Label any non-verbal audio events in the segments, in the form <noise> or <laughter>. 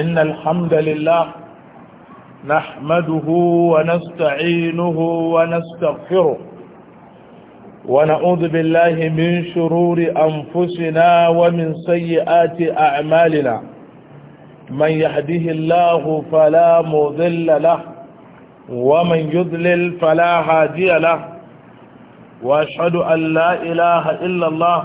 إن الحمد لله نحمده ونستعينه ونستغفره ونعوذ بالله من شرور أنفسنا ومن سيئات أعمالنا من يهده الله فلا مذل له ومن يذلل فلا هادي له وأشهد أن لا إله إلا الله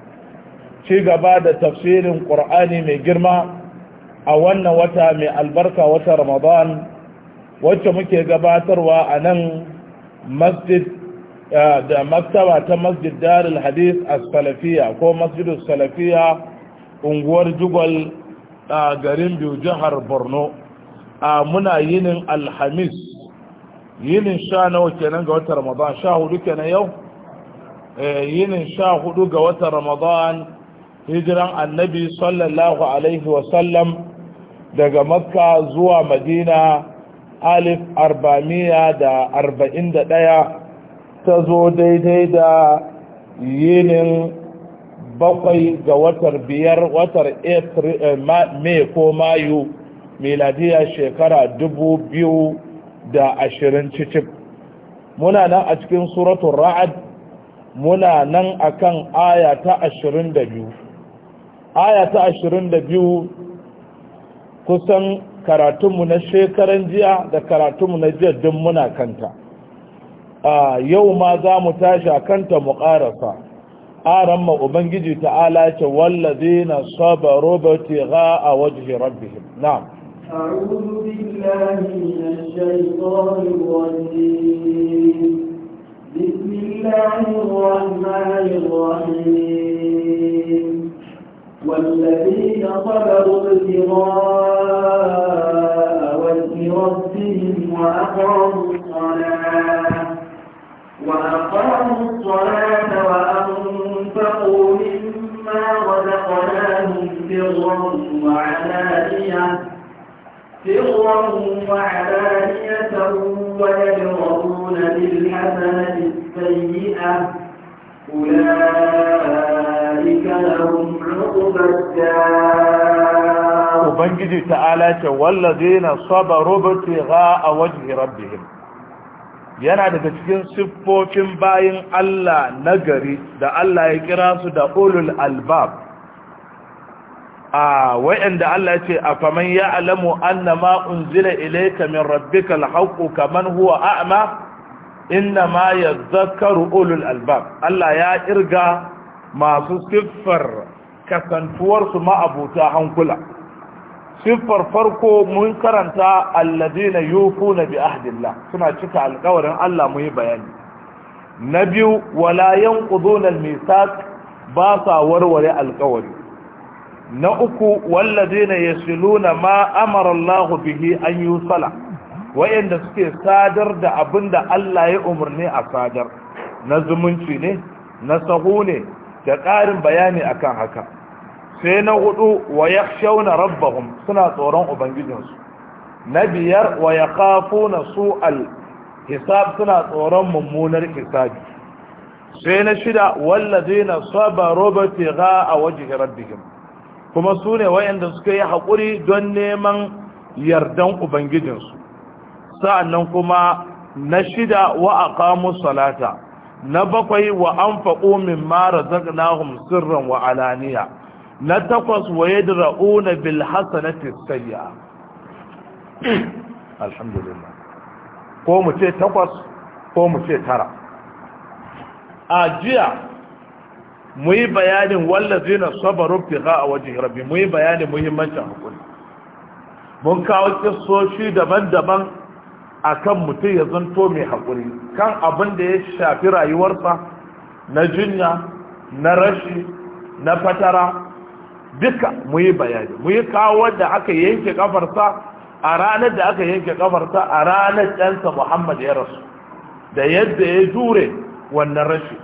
ci gaba da tafsirin ƙur'ani mai girma a wannan wata mai albarka wata ramadan wacce muke gabatarwa a nan masjid eh, da maktaba ta masjid darul hadis a salafiya ko masjidus salafiya unguwar jugal a garin biyu jihar borno a muna yinin alhamis yinin sha nawa kenan ga wata ramadan sha hudu kenan yau eh, yinin sha hudu ga wata ramadan hijiran annabi sallallahu alaihi wasallam daga makka zuwa madina alif arba'amiya arba'in da ɗaya ta zo daidai da yinin bakwai ga watar biyar watar eh, mai ko mayu miladiya shekara dubu biyu da ashirin cicif muna nan a cikin suratun ra'ad muna nan akan aya ta ashirin da biyu aya ta biyu kusan karatunmu na shekaran jiya da karatunmu na jiya don muna kanta a yau ma za mu tashi a kanta mu ƙarasa aran ma ubangiji ta'ala ce wallazi na saba roberti ga a wajihi rabbihim na'am بسم الله الرحمن الرحيم والذين صبروا ابتغاء وجه ربهم وأقاموا الصلاة وأقاموا الصلاة وأنفقوا مما رزقناهم سرا وعلانية سرا وعلانية ويجرؤون بالحسنة السيئة ubangiji لهم عقب الدار وبنجد تعالى والذين صبروا ابتغاء وجه ربهم yana daga cikin siffofin bayin Allah nagari da Allah ya kira su da ulul albab a wayanda Allah ce a faman ya alamu annama unzila ilayka min rabbikal haqqu kaman huwa a'ma inna ma ya zakaru ulul albab Allah ya kirga masu siffar kasantuwarsu ma'abuta hankula siffar farko mun karanta alladina yufuna bi ahdillah suna cika alƙawarin Allah mu yi bayani na biyu wala yanquduna almisaq ba sa warware alƙawari na uku walladina yasiluna ma amara Allah bihi an yusala wayanda suke sadar da abin da Allah ya umarni a sadar na zumunci ne na sahu ne da ƙarin bayani akan haka sai na hudu wa yakhshawna rabbahum suna tsoron ubangijinsu na biyar wa yakhafuna su'al hisab suna tsoron mummunar hisabi sai na shida wallazina sabaru batigha a wajhi rabbihim kuma sune wayanda suke yi hakuri don neman yardan ubangijinsu sa'annan kuma na shida wa a aqamu salata na bakwai wa anfaqu mimma razaqnahum sirran wa alaniya na takwas wa yadra'una bil hasanati sayyi'a <clears throat> alhamdulillah ko mu ce takwas ko mu ce tara a jiya mu yi bayanin wallazi na sabarun fiha a wajen rabi, mu yi bayanin muhimmancin hakuri mun kawo kisoshi daban-daban a kan mutum ya zanto mai haƙuri kan abin da ya shafi rayuwarsa na jinya na rashi na fatara duka mu yi bayani mu yi kawo da aka yanke kafarsa a ranar da aka yanke kafarsa a ranar ɗansa muhammad ya rasu da yadda ya jure wannan rashi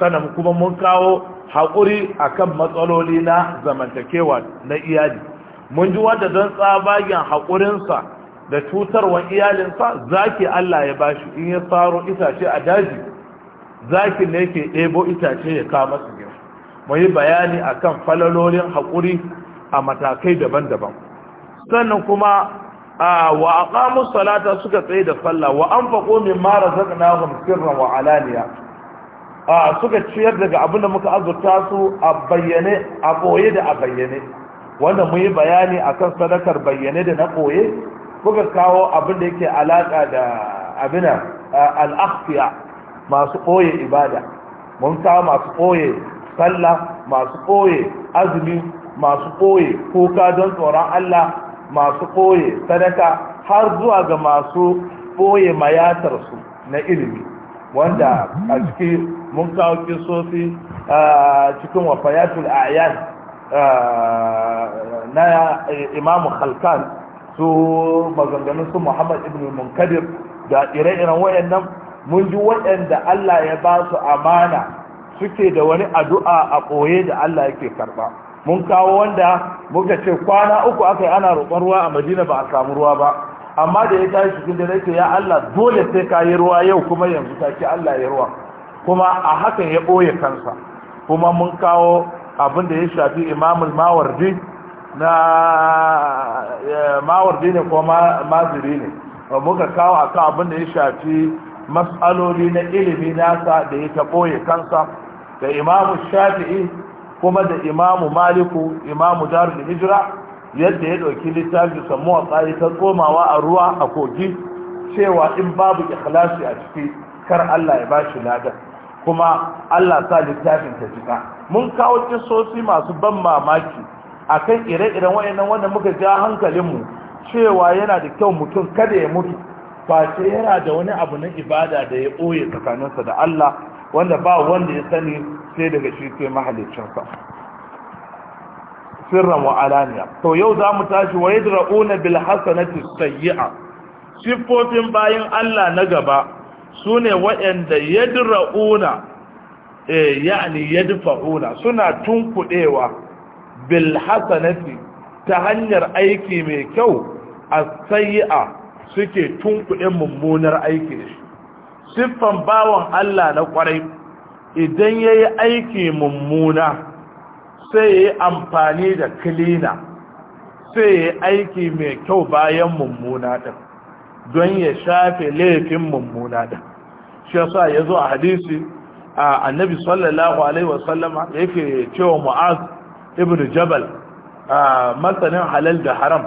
sannan kuma mun kawo haƙuri akan matsaloli na zamantakewa na iyali mun ji wanda don tsabagen haƙurinsa da cutarwan iyalinsa zaki Allah ya bashi in ya tsaro itace a daji zaki ne ke ɗebo itace ya kama su gina mu yi bayani kan falalolin haƙuri a matakai daban-daban sannan kuma wa aqamu salata suka tsaye da sallah wa mara ma razaqnahum sirran wa alaniya suka ciyar daga abin da muka azurta su a bayyane a ɓoye da a bayyane wanda mu yi bayani akan sadakar bayyane da na ɓoye. kuka kawo abin da yake alaƙa da abina al-akhfiya masu koye ibada mun kawo masu koye sallah masu koye azumi masu ɓoye kuka don tsoron Allah masu koye sadaka har zuwa ga masu mayatar mayatarsu na ilimi wanda a ciki mun kawo kisosi cikin wafayatul a'yan na imamu khalkan su maganganun su muhammad ibn munkadir da ire-iren wayannan mun ji wayanda Allah ya ba su amana suke da wani addu'a a koye da Allah yake karba mun kawo wanda muka ce kwana uku aka yi ana roƙon ruwa a madina ba a samu ruwa ba amma da ya tashi cikin dare ce ya Allah dole sai ka yi ruwa yau kuma yanzu ta ki Allah ya ruwa kuma a hakan ya ɓoye kansa kuma mun kawo abin da ya shafi imamul mawardi na mawardi ne ko maziri ne muka kawo akan abin da ya shafi matsaloli na ilimi nasa da ya taɓoye kansa da imamu shafi'i kuma da imamu maliku imamu darul hijira yadda ya ɗauki littafi samuwa tsari ta tsomawa a ruwa a kogi cewa in babu ikhlasi a ciki kar Allah ya bashi ladar kuma Allah sa littafin ta cika mun kawo kisosi masu ban mamaki akan ire-iren wayannan wanda muka ja hankalinmu cewa yana da kyau mutum kada ya mutu ba sai yana da wani abu na ibada da ya ɓoye tsakaninsa da Allah wanda ba wanda ya sani sai daga shi sai mahaliccinsa sirran wa alaniya to yau za mu tashi wa yadra'una bil hasanati sayyi'a siffofin bayan Allah na gaba sune waɗanda yadra'una eh yani yadfa'una suna tunkudewa Bilhassanati ta hanyar aiki mai kyau a sayyia suke tunkuɗe mummunar aiki da shi siffan bawan Allah na ƙwarai idan yayi aiki mummuna sai yayi amfani da kilina sai yayi aiki mai kyau bayan mummuna din don ya shafe laifin mummuna din shi yasa yazo a hadisi annabi sallallahu alaihi wasallama yake cewa mu'az ibn jabal masanin halal da haram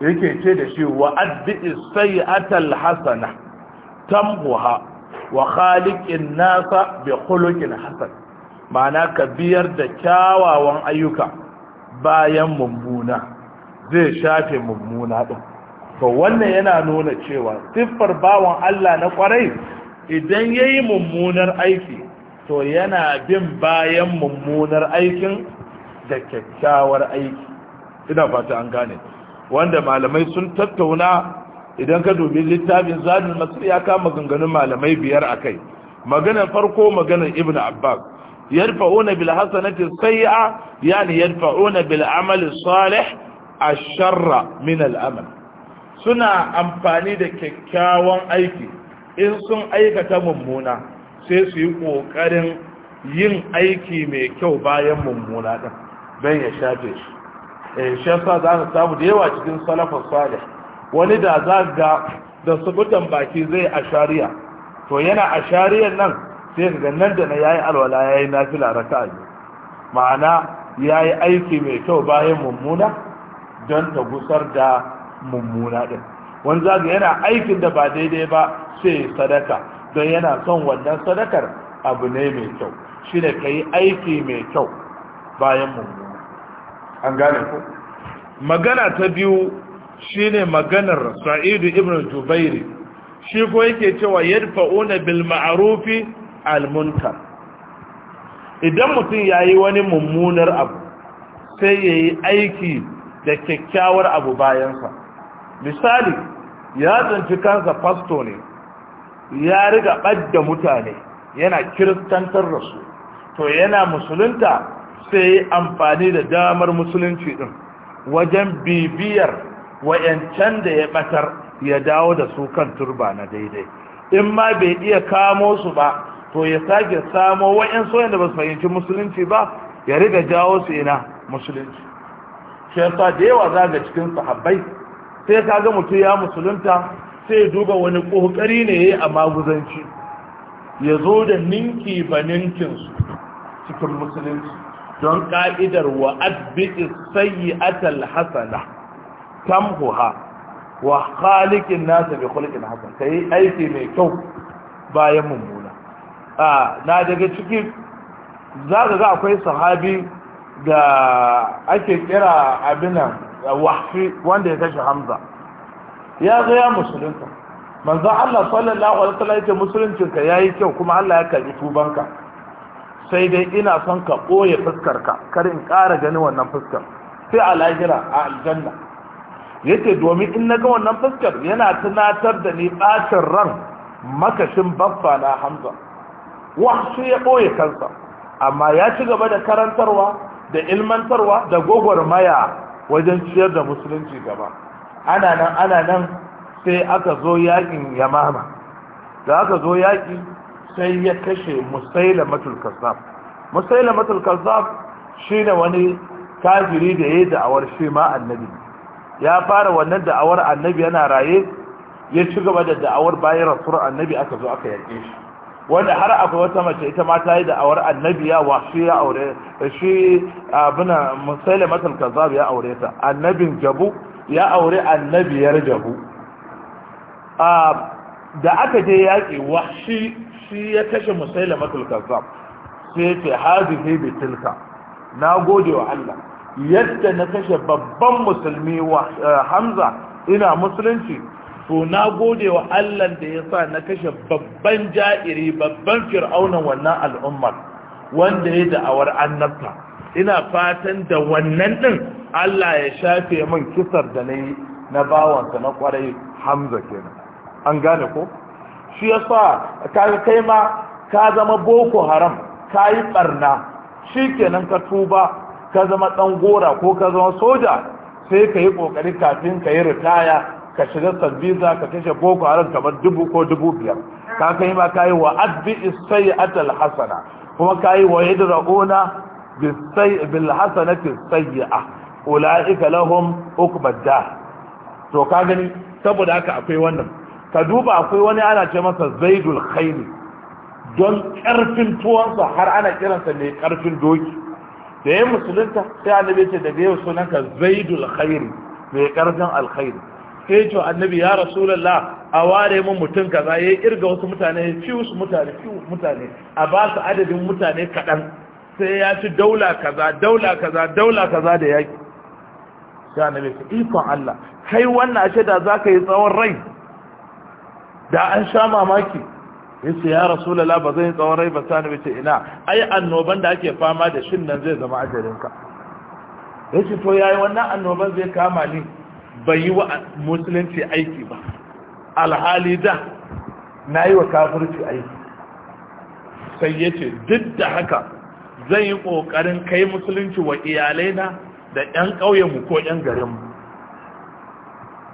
yake ce da shi wa addi sayyatal hasana tamhuha wa khaliqin nasa bi khuluqin hasan ma'ana ka biyar da kyawawan ayyuka bayan mummuna zai shafe mummuna din to wannan yana nuna cewa siffar bawan Allah na kwarai idan yayi mummunar aiki to yana bin bayan mummunar aikin da kyakkyawar aiki ina fata an gane wanda malamai sun tattauna idan ka dubi littafin zadin masir ya kama ganganun malamai biyar a kai maganar farko maganar ibn abbas yarfa'una bil hasanati sayyi'a yani yadfa'una bil amali salih asharra min al amal suna amfani da kyakkyawan aiki in sun aikata mummuna sai su yi kokarin yin aiki mai kyau bayan mummuna ɗin don ya shafe shi eh shi yasa za a samu da yawa cikin salafin salih wani da za ga da subutan baki zai a shari'a to yana a ashariyan nan sai ga nan da na ya yi alwala ya yi na yayi a yi ma'ana ya yi aiki mai kyau bayan mummuna don ta gusar da mummuna ɗin. wani zaga yana aikin da ba daidai ba sai sadaka don yana son wannan sadakar abu ne mai kyau shi ne ka yi aiki mai kyau bayan mummuna an gane ku magana ta biyu shine maganar sa'idu ibn jubairi shi ko yake cewa yadfa'una bil ma'rufi al munkar idan mutum yayi wani mummunar abu sai yayi aiki da kyakkyawar abu bayansa misali ya tsinci kansa fasto ne ya riga ɓadda mutane yana kiristantar rasu to yana musulunta sai amfani da damar musulunci din wajen bibiyar wayancan da ya batar ya dawo da su kan turba na daidai in ma bai iya kamo su ba to ya sake samo wayansu wanda ba su fahimci musulunci ba ya riga jawo su ina musulunci shekwa da yawa za ga cikin sahabbai sai ga mutum ya musulunta sai duba wani ƙoƙari ne ya yi a maguzanci ya zo da ninki ba ninkinsu cikin musulunci don ƙa'idar wa adbi'i atal hasana tamhuha wa khaliqin nasa bi khuluqin hasan kai aiki mai kyau bayan mummuna a na daga ciki, za ga akwai sahabi da ake kira abinan wahfi wanda ya kashe hamza ya zo ya musulunta manzo Allah sallallahu alaihi wasallam ya ce musuluncinka yayi kyau kuma Allah ya karbi tubanka sai dai ina son ka ɓoye fuskarka kar in ƙara gani wannan fuskar sai a lahira a aljanna yake domin in na ga wannan fuskar yana tunatar da ni ɓacin ran makashin baffa na hamza Wa shi ya ɓoye kansa amma ya ci gaba da karantarwa da ilmantarwa da gwagwarmaya wajen ciyar da musulunci gaba ana nan ana nan sai aka zo yaƙin yamama da aka zo yaƙi sai ya kashe musailamatul kazzab musailamatul shi shine wani kafiri da yayi da'awar shi ma annabi ya fara wannan da'awar annabi yana raye ya ci gaba da da'awar bayan rasul annabi aka zo aka yake shi wanda har akwai wata mace ita ma ta yi da'awar annabi ya washe ya aure shi abuna musailamatul kazzab ya aure ta annabin jabu ya aure annabiyar jabu ah, da aka je yaƙi washi shi ya kashe musailamatul kazzab sai ya ce hadhihi bi tilka na gode wa Allah yadda na kashe babban musulmi wa eh, Hamza ina musulunci to na gode wa Allah da ya sa na kashe babban ja'iri babban fir'aunan wannan al'ummar wanda ya da'awar annabta ina fatan da wannan ɗin Allah ya shafe min kisar da na yi na bawansa na kwarai Hamza kenan an gane ko shi ya sa ka kai ma ka zama boko haram ka yi barna kenan ka tuba ka zama dan gora ko ka zama soja sai ka yi kokari kafin ka yi ritaya ka shiga sabbiza ka kashe boko haram kamar dubu ko dubu biyar ka kai ma ka yi wa adbi sayyi'atul hasana kuma ka kayi wa yadrauna bil hasanati sayyi'a ulaika lahum to ka gani saboda haka akwai wannan ka duba akwai wani ana ce masa zaidul khaili don karfin tuwansa har ana kiransa mai karfin doki da ya musulunta sai annabi ce daga yau ka zaidul khairi mai karfin alkhairi sai ce annabi ya rasulullah a ware mun mutum kaza ya kirga wasu mutane fiye wasu mutane fiye mutane a ba su adadin mutane kaɗan sai ya ci daula kaza daula kaza daula kaza da yaki sai annabi ce ikon Allah kai wannan ashe da zaka yi tsawon rai da an sha mamaki ya ce ya rasu lala ba zai tsawon rai ba sani wace ina ai annoban da ake fama da shin nan zai zama ajarinka ya ce to yayi wannan annoban zai kama ni bai yi wa musulunci aiki ba alhali da na yi wa kafirci aiki sai ya ce duk da haka zai yi ƙoƙarin kai musulunci wa iyalai na da 'yan ƙauyenmu ko 'yan garinmu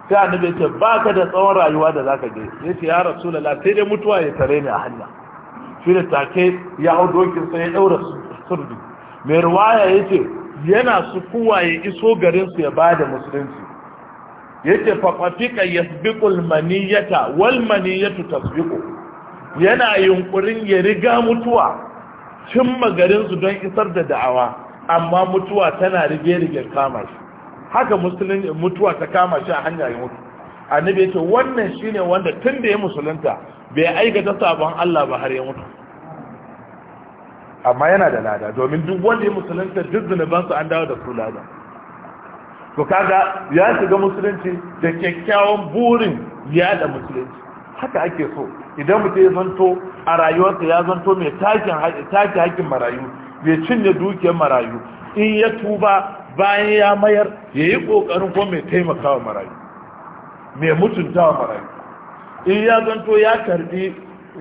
sai annabi ce ba ka da tsawon rayuwa da zaka je ya ce ya rasulullah sai dai mutuwa ya tare ni a hanya shi da take ya hau dokin sai ya daura surdu mai ruwaya ya ce yana su kuwa ya iso garinsu su ya bada musulunci ya ce ya yasbiqul maniyata wal maniyatu tasbiqu yana yunƙurin ya riga mutuwa cimma garinsu don isar da da'awa amma mutuwa tana rige-rige kama shi haka mutuwa ta kama shi a hanya ya mutu annabi ya ce wannan shi ne wanda tun da ya musulunta bai aikata sabon Allah ba har ya mutu amma yana da lada domin duk wanda ya musulunta duk zunubansu an dawo da su lada to kaga ya shiga musulunci da kyakkyawan burin yada musulunci haka ake so idan mutum ya zanto a rayuwarsa ya zanto mai take haƙƙin marayu bai cinye dukiyar marayu in ya tuba bayan ya mayar ya yi ƙoƙarin ko mai taimaka wa marayu mai mutunta wa marayu in ya zanto ya karbi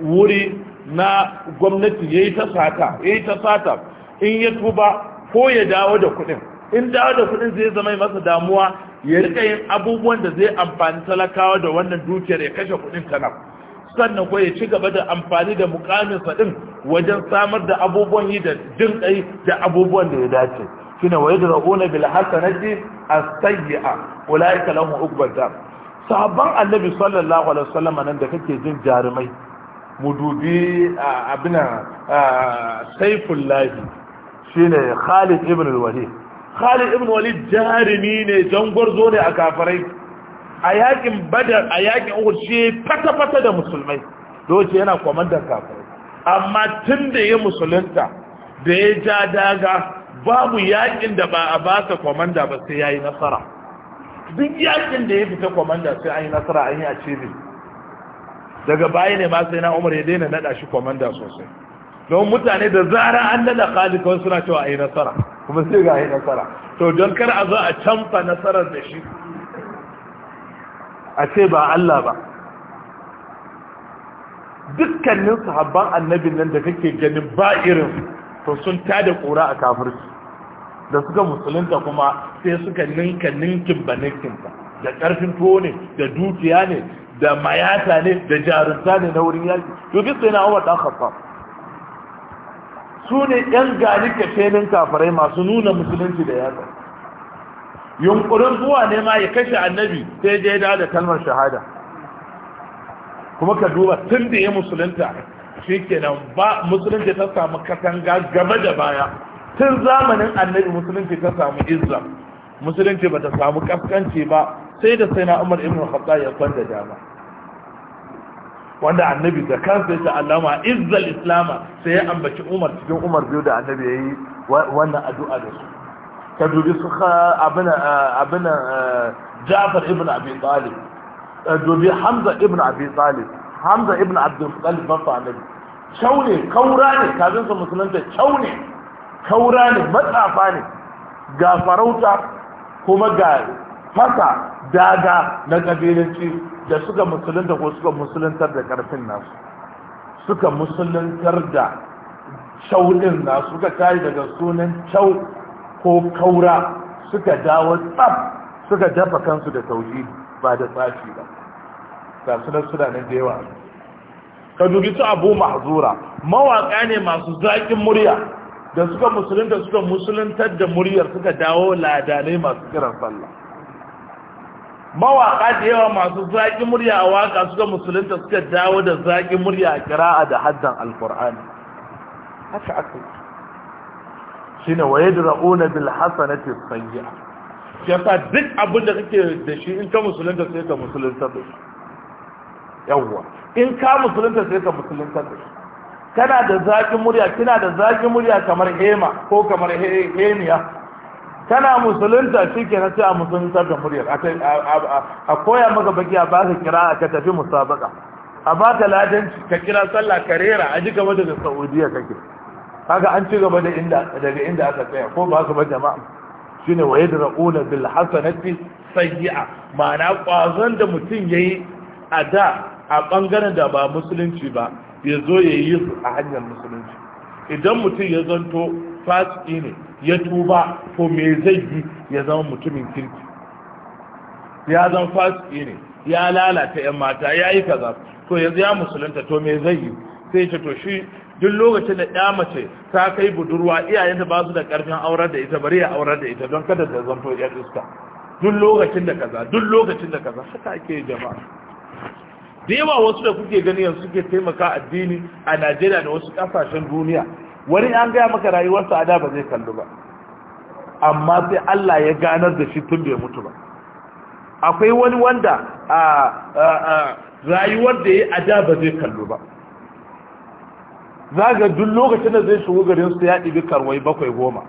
wuri na gwamnati ya yi ta sata ya yi ta sata in ya tuba ko ya dawo da kuɗin in dawo da kuɗin zai zama masa damuwa ya rika yin abubuwan da zai amfani talakawa da wannan dukiyar ya kashe kuɗin kana sannan ko ya ci gaba da amfani da mukamin sa wajen samar da abubuwan yi da jin da abubuwan da ya dace shine wa yadra'una bil hasanati as-sayyi'a ulaika lahum uqbat dar sahabban annabi sallallahu alaihi wasallam nan da kake jin jarumai mu dubi saiful lahi shine Khalid ibn al-Walid Khalid ibn Walid jarumi ne jangwarzo ne a kafirai a yakin Badar a yakin Uhud shi fata-fata da musulmai doce yana kwamandan kafirai amma tun da ya musulunta da ya ja daga babu yakin da ba a baka kwamanda ba sai yi nasara duk yakin da ya fita kwamanda sai an yi nasara an yi cibin daga baya ne ma sai na Umar ya daina naɗa shi kwamanda sosai don mutane da zara an nada Khalid kawai suna cewa yi nasara kuma sai ga yi nasara to don kar a zo a canfa nasarar da shi a ce ba Allah ba dukkanin sahabban annabin nan da kake ganin ba irin to sun tada kura a kafirci da suka musulunta kuma sai suka ninka ninkin ba ninkinta da ƙarfin tuwo ne da dukiya ne da mayata ne da jarunta ne na wurin yaki to sai na Umar dan Khattab su ne yan gani kafenin kafirai masu nuna musulunci da yatsa yunkurin zuwa ne ma ya kashe annabi sai dai da da kalmar shahada kuma ka duba tun da ya musulunta kenan ba musulunci ta samu katanga gaba da baya tun zamanin annabi musulunci ta samu izza musulunci ba ta samu kaskanci ba sai da sai na umar ibn khatta ya kwanda dama wanda annabi da kansa ya allama izzal islama sai ya ambaci umar cikin umar biyu da annabi yayi wannan addu'a da su ka dubi su abuna abuna jafar ibn abi talib dubi hamza ibn abi talib hamza ibn abdul talib ba annabi kyau kaura ne kazin sa musulunta kyau kaura ne matsafa ne ga farauta kuma ga fasa daga na ƙabilanci da suka musulunta ko suka musuluntar da karfin nasu suka musuluntar da shauɗin nasu suka tari daga sunan cau ko kaura suka dawo tsab suka dafa kansu da tauji ba da tsafi ba ga sunan suna nan da yawa ka dubi su abu mahzura mawaƙa ne masu zaƙin murya da suka musulunta suka musuluntar da muryar suka dawo ladanai masu kiran sallah mawaƙa da yawa masu zaƙi murya a waƙa suka musulunta suka dawo da zaƙi murya a kira'a da haddan alkur'ani haka aka yi shine wa yadra'una bil hasanati sayyi'a yasa duk abin da kake da shi in ka musulunta sai ka musulunta da shi yawwa in ka musulunta sai ka musulunta da shi kana da zaƙin murya kina da zaƙin murya kamar hema ko kamar heniya kana musulunta shi ke na ce a musulunta da muryar a koya maka baki a baka kira a ka tafi musabaka a ka ladin ka kira sallah ka rera a ji gaba daga saudiya kake haka an ci gaba daga inda aka tsaya ko ba ka ba jama'a shine da yadra'una bil hasanati sayyi'a ma'ana kwazon da mutum yayi a da a bangaren da ba musulunci ba ya zo ya yi su a hanyar musulunci idan mutum ya zanto fasiki ne ya tuba ko me zai yi ya zama mutumin kirki ya zan fasiki ne ya lalata yan mata ya yi kaza to yanzu ya musulunta to me zai yi sai ce to shi duk lokacin da ya mace ta kai budurwa iyayenta ba su da karfin aurar da ita bari ya aurar da ita don kada ta zanto ya iska duk lokacin da kaza duk lokacin da kaza haka ake jama'a da yawa wasu da kuke gani yanzu suke taimaka addini a Najeriya da wasu kasashen duniya wani an gaya maka rayuwarsa a da ba zai kallu ba amma sai Allah ya ganar da shi tun bai mutu ba akwai wani wanda a rayuwar da ya a da ba zai kallu ba zaga duk lokacin da zai shigo garin su ya ɗibi karwai bakwai goma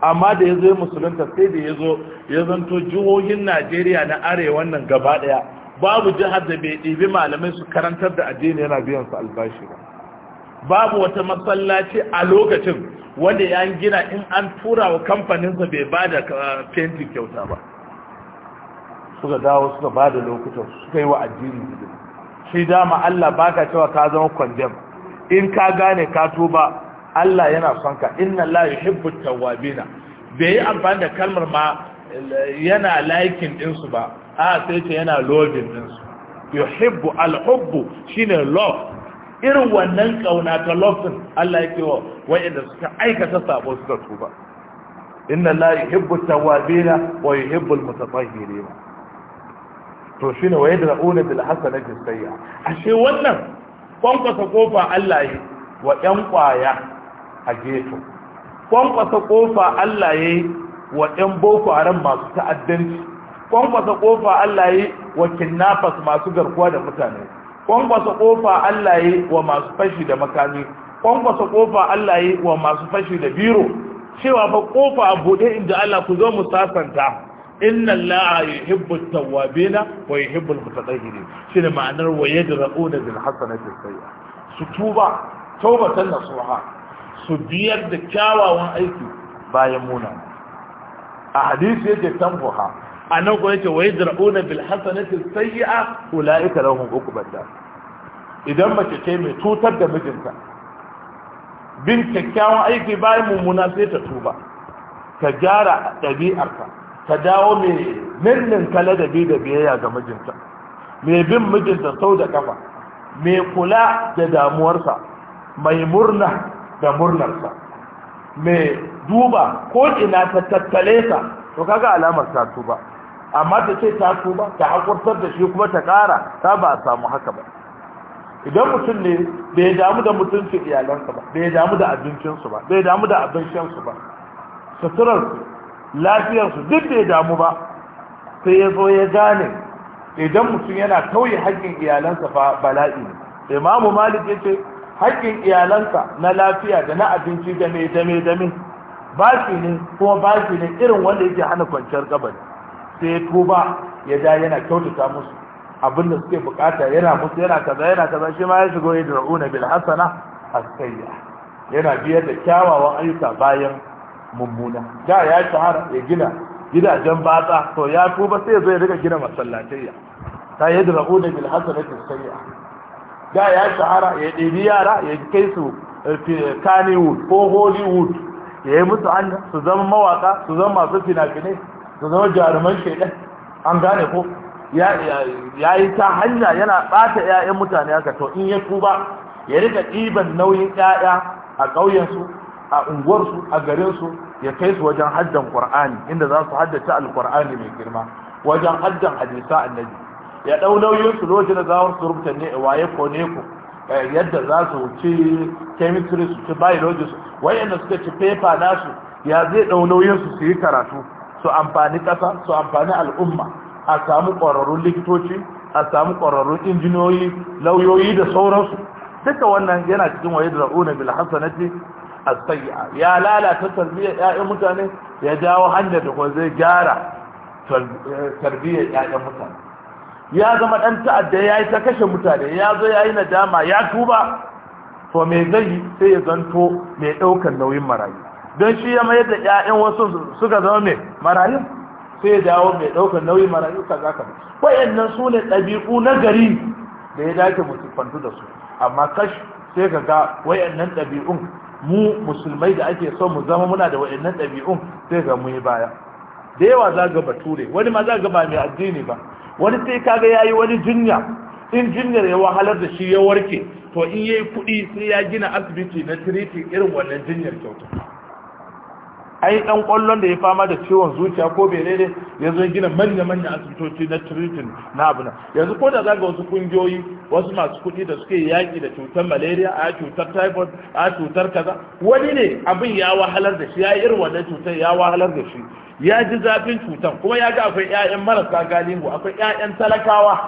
amma da ya zo musulunta sai da ya zo ya zanto jihohin najeriya na arewa nan gaba ɗaya babu jihar da bai ɗibi malamai su karantar da addini yana biyan su albashi ba babu wata masallaci a lokacin wanda ya gina in an tura wa kamfaninsa bai ba da uh, fenti kyauta ba suka dawo suka ba da lokutan suka yi wa addini gudun shi dama Allah baka cewa ka zama kwandem in ka gane ka tuba Allah yana son ka inna la yuhibbu wabina. bai yi amfani da kalmar ma eh, yana laikin ɗinsu ba a sai ce yana loving ɗinsu yuhibbu alhubbu shine love irin wannan kauna ta love din Allah yake wa wa'inda suka aikata sabo suka tuba inna la yuhibbu tawabina wa yuhibbu almutatahhirina to shine wa yadra'una bil hasanati sayyi'a ashe wannan kwankwasa kofa Allah yi wa 'yan kwaya a gefe kwankwasa kofa Allah yi wa 'yan boko haram masu ta'addanci kwankwasa kofa Allah yi wa kinnafas masu garkuwa da mutane kwankwasa kofa Allah yi wa masu fashi da makami kwankwasa kofa Allah yi wa masu fashi da biro cewa fa kofa a bude inda Allah ku zo mu sasanta inna Allah yuhibbu tawwabina wa yuhibbu al-mutatahhirin shine ma'anar wa yadra'una bil hasanati sayyi'a su tuba tawbatan nasuha su biyar da kyawawan aiki bayan muna a hadisi yake tambuha a nan yake wai zira'una bil hasanatin sayyi'a ula'ika lahum da. idan mace ce mai tutar da mijinta bin kyakkyawan aiki bayan mummuna sai ta tuba ka gyara ɗabi'arta ta dawo mai nirnin kala da bi da biyayya ga mijinta mai bin mijinta sau da kafa mai kula da damuwarsa mai murna da murnarsa mai duba ko ina ta tattale sa to kaga alamar ta tuba amma ta ce ta tuba ta hakurtar da shi kuma ta ƙara ta ba a samu haka ba idan mutum ne bai damu da mutuncin iyalansa ba bai damu da abincinsu ba bai damu da abin shansu ba lafiyar lafiyarsu duk bai damu ba sai ya zo ya gane idan mutum yana tauye haƙƙin iyalansa fa bala'i ne imamu malik ya ce haƙƙin iyalansa na lafiya da na abinci da mai dame dame ba shi ne kuma ba shi ne irin wanda yake hana kwanciyar kabari sai ya tuba ya da yana kyautata musu abin da suke bukata yana musu yana kaza yana kaza shi ma ya shigo ya una bil hasana asayya yana biyar da kyawawan ayyuka bayan mummuna da ya shahara ya gina gidajen batsa to ya tuba sai zai riga gina masallatayya ta yi una bil hasana asayya da ya shahara ya ɗebi yara ya kai su eh, Kannywood ko Hollywood ya yi musu an su zama mawaka su zama masu fina-finai su zama jaruman shaidan an gane ko ya yi ta hanya yana ɓata 'ya'yan mutane haka to in ya tuba ya rika ɗiban nauyin 'ya'ya a ƙauyensu a unguwarsu a garinsu ya kai su wajen haddan ƙwar'ani inda za su haddace alqur'ani mai girma wajen haddan hadisa annabi ya ɗau nauyin su lokacin da za su rubuta ne waye ko ne ku eh, yadda za su ci chemistry su ci biology su wayanda suka ci paper nasu ya zai ɗau nauyin su su yi karatu su amfani ƙasa su amfani al'umma a samu ƙwararrun likitoci a samu ƙwararrun injiniyoyi lauyoyi da sauransu duka wannan yana cikin waye da ra'una bil hasanati as-sayyi'a ya lalata tarbiyyar ƴaƴan mutane ya jawo hanyar da kuma zai gyara tarbiyyar ƴaƴan mutane ya zama dan ta'adda yayi ta kashe mutane ya zo yayi nadama ya tuba to me zai sai ya zanto mai ɗaukar nauyin marayu don shi ya mayar da 'ya'yan wasu suka zama mai marayu sai ya dawo mai ɗaukar nauyi marayu ka za ka bi wayannan su ne ɗabi'u na gari da ya dace mu kwantu da su amma kashi sai ka ga wayannan ɗabi'un mu musulmai da ake son mu zama muna da wayannan ɗabi'un sai ga mu yi baya da yawa za ga bature wani ma za ga ba mai addini ba wani sai kaga yi wani jinya in jinyar ya wahalar da shi ya warke to in yi kuɗi sai ya gina asibiti na tiriti irin wannan jinyar kyauta ai dan kwallon da ya fama da ciwon zuciya ko bai daidai ya zo gina manya manya asibitoci na treating na abu yanzu ko da zaga wasu kungiyoyi wasu masu kuɗi da suke yaƙi da cutar malaria a cutar typhoid a cutar kaza wani ne abin ya wahalar da shi ya yi irin wannan cutar ya wahalar da shi ya ji zafin cutar kuma ya ga akwai ƴaƴan marasa galihu akwai ƴaƴan talakawa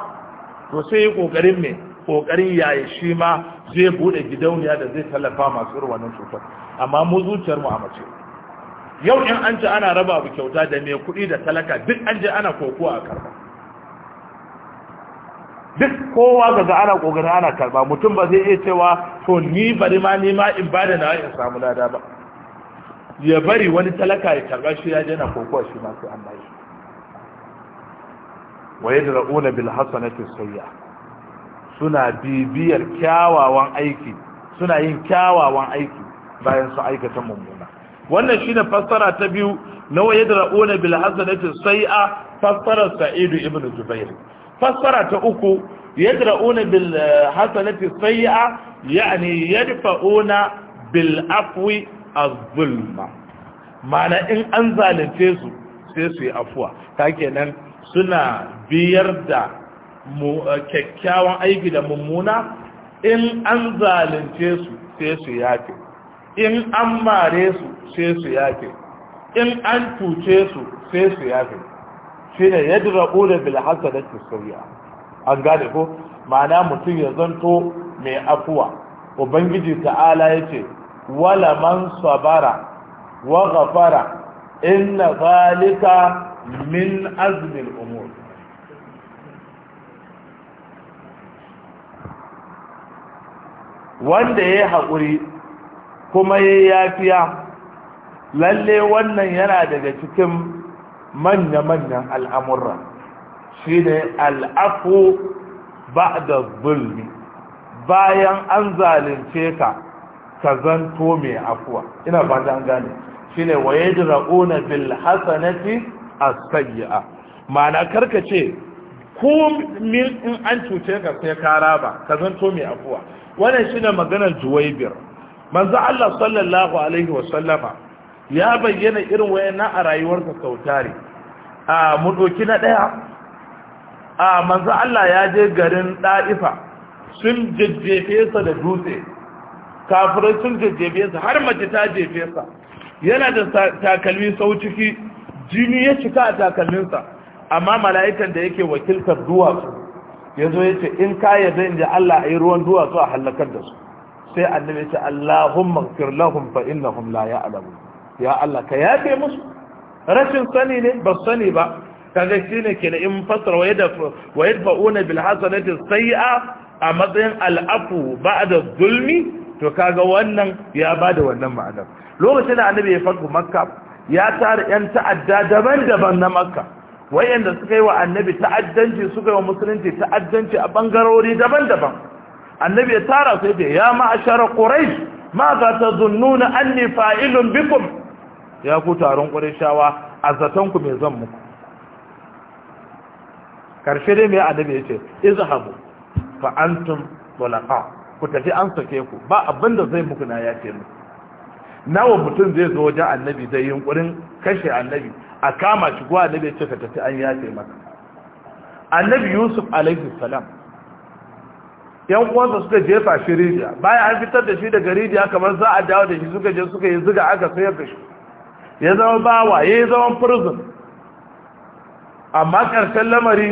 to sai yi ƙoƙarin me ƙoƙarin yayi shi ma zai buɗe gidauniya da zai tallafa masu irin wannan cutar amma mu zuciyar mu a mace yau in an ji ana raba abu kyauta da mai kuɗi da talaka duk an ji ana kokowa a karba duk kowa ga ga ana kokarin ana karba mutum ba zai iya cewa to ni bari ma ni ma in da na in samu lada ba ya bari wani talaka ya karba shi ya je kokowa shi ma sai an bayi wa yadra'una bil hasanati sayya suna bibiyar kyawawan aiki suna yin kyawawan aiki bayan su aikata mummuna wannan shine fassara ta biyu na waye ra'una bil hasanati sai'a fassarar sa'id ibn zubair fassara ta uku yadra'una bil eh, hasanati sai'a yani yadfa'una bil afwi az-zulma ma'ana in an zalunce su sai su yi afuwa ta suna biyar da eh, kyakkyawan aiki da mummuna in an zalunce su sai su yafe in an mare su sai su yake in an cuce su sai su yake shi ne yadda rabu da bilhassa da an gane ko ma'ana mutum ya zanto mai afuwa ubangiji ta'ala ya ce wala man sabara wa gafara inna zalika min azmin umur wanda ya yi haƙuri kuma ya yafiya lalle wannan yana daga cikin manya-manyan al'amurra shi ne al'afu ba da zulmi bayan an zalince ka ka zanto mai afuwa ina fata an gane shi ne waye jira'una bil hasanati a sayi'a ma'ana ce ko min in an cuce ka sai ka raba ka zanto mai afuwa wannan shi ne maganar juwaibir manzo Allah sallallahu alaihi wa sallama ya bayyana irin wayanna a rayuwarsa kautare a mu doki na daya a manzo Allah ya je garin Daifa sun jajjefe sa da dutse kafirai sun jajjefe sa har mace ta jefe sa yana da takalmi sau ciki jini ya cika a takalminsa amma mala'ikan da yake wakiltar duwatsu ya zo ya ce in ka yarda in ji Allah a yi ruwan duwatsu a hallakar da su sai annabi ce Allahumma ighfir lahum fa innahum la ya'lamun ya Allah ka yafe musu rashin sani ne ba sani ba kaga shine ke in fasara waye da waye fa'una bil hasanati sayyi'a a matsayin al'afu ba'da zulmi to kaga wannan ya bada wannan ma'anar lokacin da annabi ya farko makka ya tara yan ta'adda daban-daban na makka wayanda suka yi wa annabi ta'addanci suka yi wa musulunci ta'addanci a bangarori daban-daban annabi ya tara sai ce ya ma'ashara quraish ma za ta zunnuna anni fa'ilun bikum ya ku taron qurayshawa a ku me zan muku karshe dai mai annabi ya ce izhabu fa antum tulaqa ku tafi an sake ku ba abinda zai muku na ya ce nawa mutum zai zo wajen annabi zai yunkurin kashe annabi a kama shi ko annabi ya ce ka tafi an ce maka annabi yusuf alaihi salam yan uwansa suka jefa shi rijiya bayan an fitar da shi daga rijiya kamar za a dawo da shi suka je suka yi ziga aka sayar da shi ya zama bawa ya yi zaman prison amma ƙarshen lamari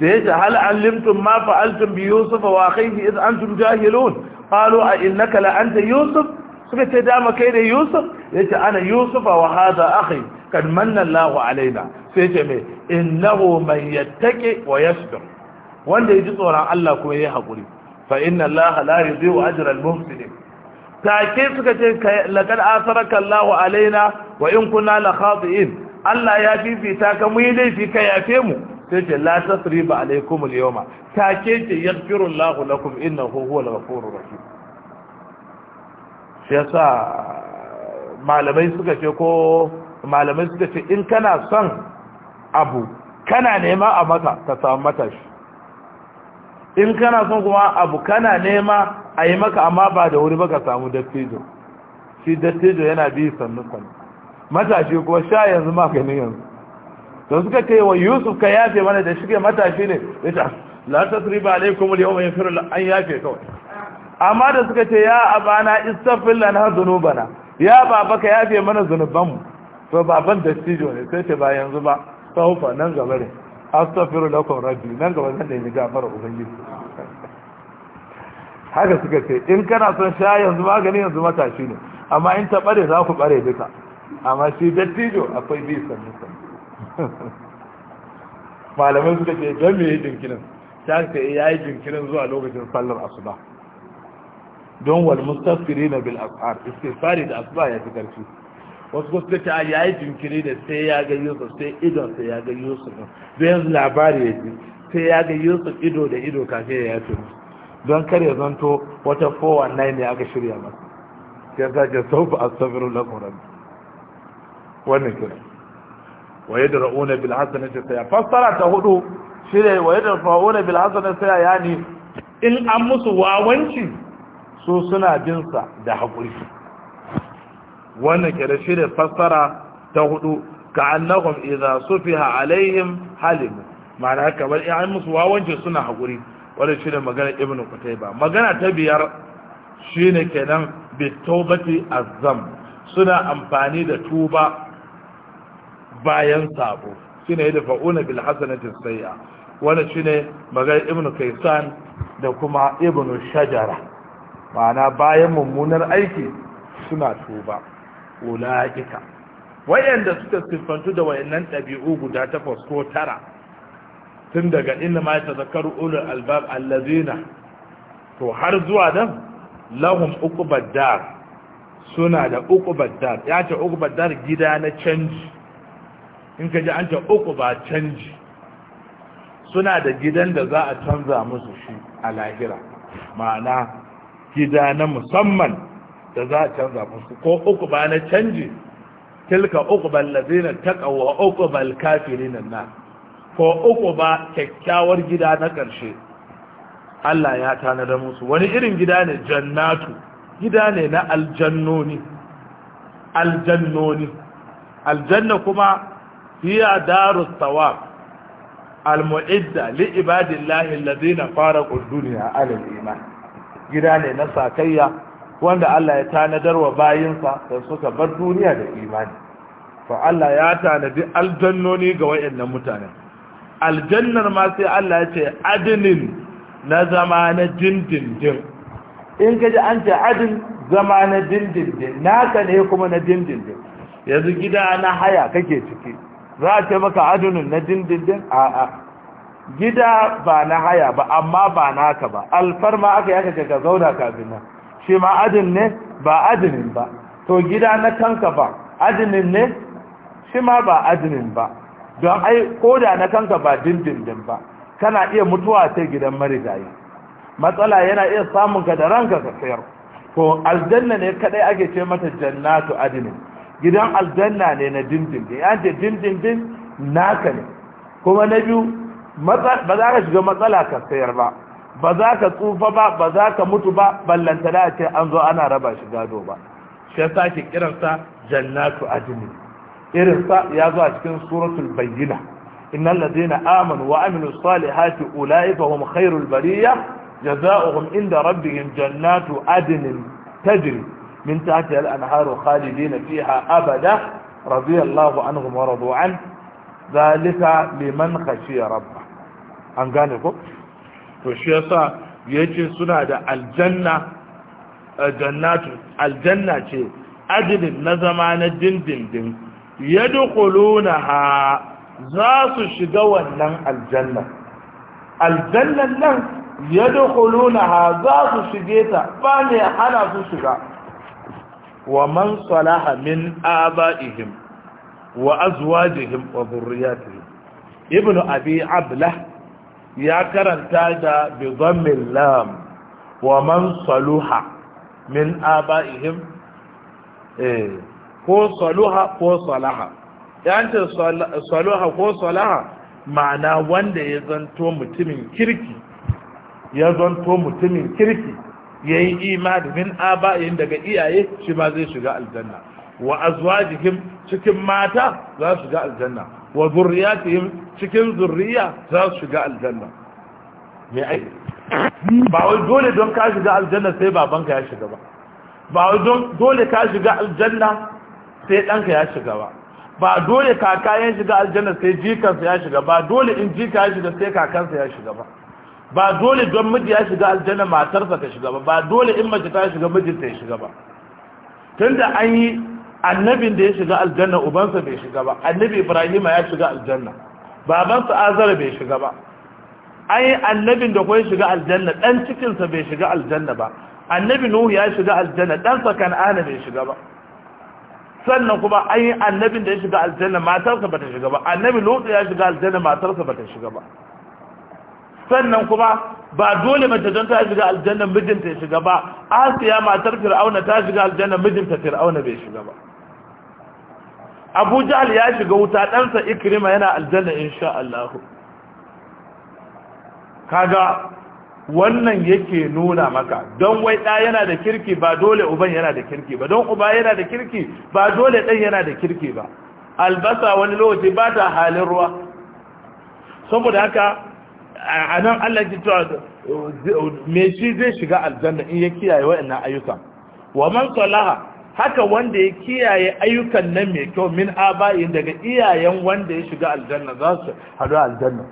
da ya ce hal an limtun ma fa'altun bi yusuf wa kaifi iz antum jahilun qalu a innaka la anta yusuf suka ce dama kai da yusuf ya ce ana yusuf wa hadha akhi kad manna Allahu alaina sai ce me innahu man yattaqi wa yasbir wanda ya ji tsoron Allah kuma ya yi haƙuri fa inna Allah la yudhi'u ajra al-muhsinin take suka ce laqad asaraka Allah alaina wa in kunna la khati'in Allah ya fifita ka mu yi laifi ka yafe mu sai ce la tasriba alaikum al-yawma take ce yaghfiru Allah lakum innahu huwal ghafurur rahim shi yasa malamai suka ce ko malamai suka ce in kana son abu kana nema a maka ka samu shi. in kana son kuma abu kana nema a yi maka amma ba da wuri ba ka samu dattijo shi dattijo yana bi sannu sannu matashi kuma sha yanzu ne yanzu da suka ce wa yusuf ka yafe mana da shige matashi ne ya riba la kuma alaikum al yawma yafiru an yafe kawai amma da suka ce ya abana istaghfir lana dhunubana ya baba ka yafe mana zunubanmu to baban dattijo ne sai ce ba yanzu ba hufa nan gaba ne astaghfiru lakum rabbi nan gaba zan nemi gafara ubangiji haka suka ce in kana son sha yanzu magani yanzu matashi ne amma in ta bare za ku bare duka amma shi dattijo akwai bi sannu sannu malamai suka ce don me yi jinkirin ta ce ya yi jinkirin zuwa lokacin sallar asuba don wal mustafiri na bil asar fari da asuba ya fi karfi wasu wasu ta ah, a yayi jinkiri da sai ya ga Yusuf sai idon sai ya ga Yusuf da yanzu labari ya ji sai ya ga Yusuf ido da ido kafin ya yace musu don kar ya zanto wata 419 ne aka shirya masa sai ya ce sau ba a safiru na. kuran wannan kira wa ra'una bil ta saya fassara ta hudu shine wa ra'una bil saya ya ni. in an musu wawanci su suna jinsa da haƙuri wannan kenan ne fassara ta hudu ka annahum idza sufiha alaihim halim ma'ana kamar ya an musu wawancin suna hakuri shi ne magana ibnu ba magana ta biyar ne kenan bi azam suna amfani da tuba bayan sabo shine da fa'una bil hasanati sayya shi ne magana ibnu kaisan da kuma ibnu shajara ma'ana bayan mummunar aiki suna tuba ula'ika wayanda suka siffantu da wayannan ɗabi'u guda takwas ko tara tun daga inna ma ta zakar ulul albab allazina to har zuwa nan lahum uqbad dar suna da uqbad dar ya ce uqbad dar gida na canji in ka ji an ce uqba canji suna da gidan da za a canza musu shi a lahira ma'ana gida na musamman da za a canza musu ko uku ba na canji tilka uku ta kawo uku bal kafirin na ko uku ba kyakkyawar gida na ƙarshe. Allah ya tanada musu wani irin gida ne jannatu gida ne na aljannoni aljannoni aljanna kuma hiya darus thawab almu'idda li ibadillahi na faraqu fara dunya a al gida ne na sakayya wanda Allah ya tanadar wa bayinsa da suka bar duniya da imani fa Allah ya tanadi aljannoni ga wayannan mutane aljannar ma sai Allah ya ce adinin na zama na dindindin in ka ji an ce adin zama na dindindin naka ne kuma na dindindin yanzu gida na haya kake ciki za a ce maka adinin na dindindin a'a gida ba na haya ba amma ba naka ba alfarma aka yaka ka zauna kafin nan shi ma adin ne ba adinin ba to gida na kanka ba adinin ne shi ma ba adinin ba don ai koda na kanka ba dindindin ba kana iya mutuwa sai gidan marigayi matsala yana iya samun ka da ranka ka sayar to aljanna ne kadai ake ce mata jannatu adinin gidan aljanna ne na dindindin ya ce dindindin naka ne kuma na biyu ba za ka shiga matsala ka sayar ba ba za ka tsufa ba ba za ka mutu ba ballanta da ce an zo ana raba shi gado ba shi yasa ke kiransa jannatu adini irin sa ya zo a cikin suratul bayyina innal ladina amanu wa amilus salihati ulaika hum khairul bariya jazaohum inda rabbihim jannatu adnin tajri min tahtiha al-anharu khalidina fiha abada radiyallahu anhum wa radu an zalika liman khashiya rabbah an gane ko to shi yasa yace suna da aljanna jannatu aljanna ce adilin na zama na dindindin yadkhulunaha za su shiga wannan aljanna aljannan nan yadkhulunaha za su shige ta ba ne hana su shiga wa man salaha min abaihim wa azwajihim wa dhurriyyatihim ibnu abi ablah ya karanta da bi dhammin lam wa man saluha min aba'ihim eh ko saluha ko salaha yancin saluha ko salaha ma'ana wanda ya zanto mutumin kirki ya zanto mutumin kirki ya yi imani min aba'ihim daga iyaye shi ma zai shiga aljanna wa azwajihim cikin mata za su ga aljanna wa zurriyatihim cikin zurriya za su shiga aljanna me ai ba wai dole don ka shiga aljanna sai babanka ya shiga ba ba wai don dole ka shiga aljanna sai danka ya shiga ba ba dole kaka ya shiga aljanna sai jikansa ya shiga ba dole in jika ya shiga sai kakansa ya shiga ba ba dole don miji ya shiga aljanna matarsa ta shiga ba ba dole in mace ta shiga mijinta ya shiga ba tunda an yi annabin da ya shiga aljanna ubansa bai shiga ba annabi ibrahim ya shiga aljanna babansa azara bai shiga ba ai annabin da kuwa shiga aljanna dan cikinsa bai shiga aljanna ba annabi nuhu ya shiga aljanna ɗansa kan'ana bai shiga ba sannan kuma an yi annabin da ya shiga aljanna matarsa ba ta shiga ba annabi lutsu ya shiga aljanna matarsa ba ta shiga ba sannan kuma ba dole mace don ta shiga aljanna mijinta ya shiga ba asiya matar fir'auna ta shiga aljanna mijinta fir'auna bai shiga ba abu jahal ya shiga wuta ɗansa ikirima yana aljanna insha Allah kaga wannan yake nuna maka don wai ɗa yana da kirki ba dole uban yana da kirki ba don uba yana da kirki ba dole ɗan yana da kirki ba albasa wani lokaci ba ta halin ruwa saboda haka a nan Allah ji cewa me shi zai shiga aljanna in ya kiyaye wa'annan ayyuka wa man salaha haka wanda ya kiyaye ayyukan nan mai kyau min abayin daga iyayen wanda ya shiga aljanna za su haɗu aljanna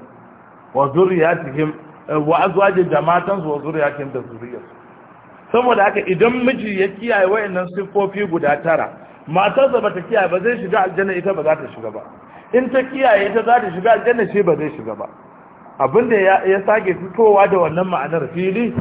wa zuriyatihim wa azwajin jama'atan su wa zuriyatihim da zuriyar. saboda haka idan miji ya kiyaye wayannan siffofi guda tara matarsa ta kiyaye ba zai shiga aljanna ita ba za ta shiga ba in ta kiyaye ita za ta shiga aljanna shi ba zai shiga ba abinda ya sake fitowa da wannan ma'anar fili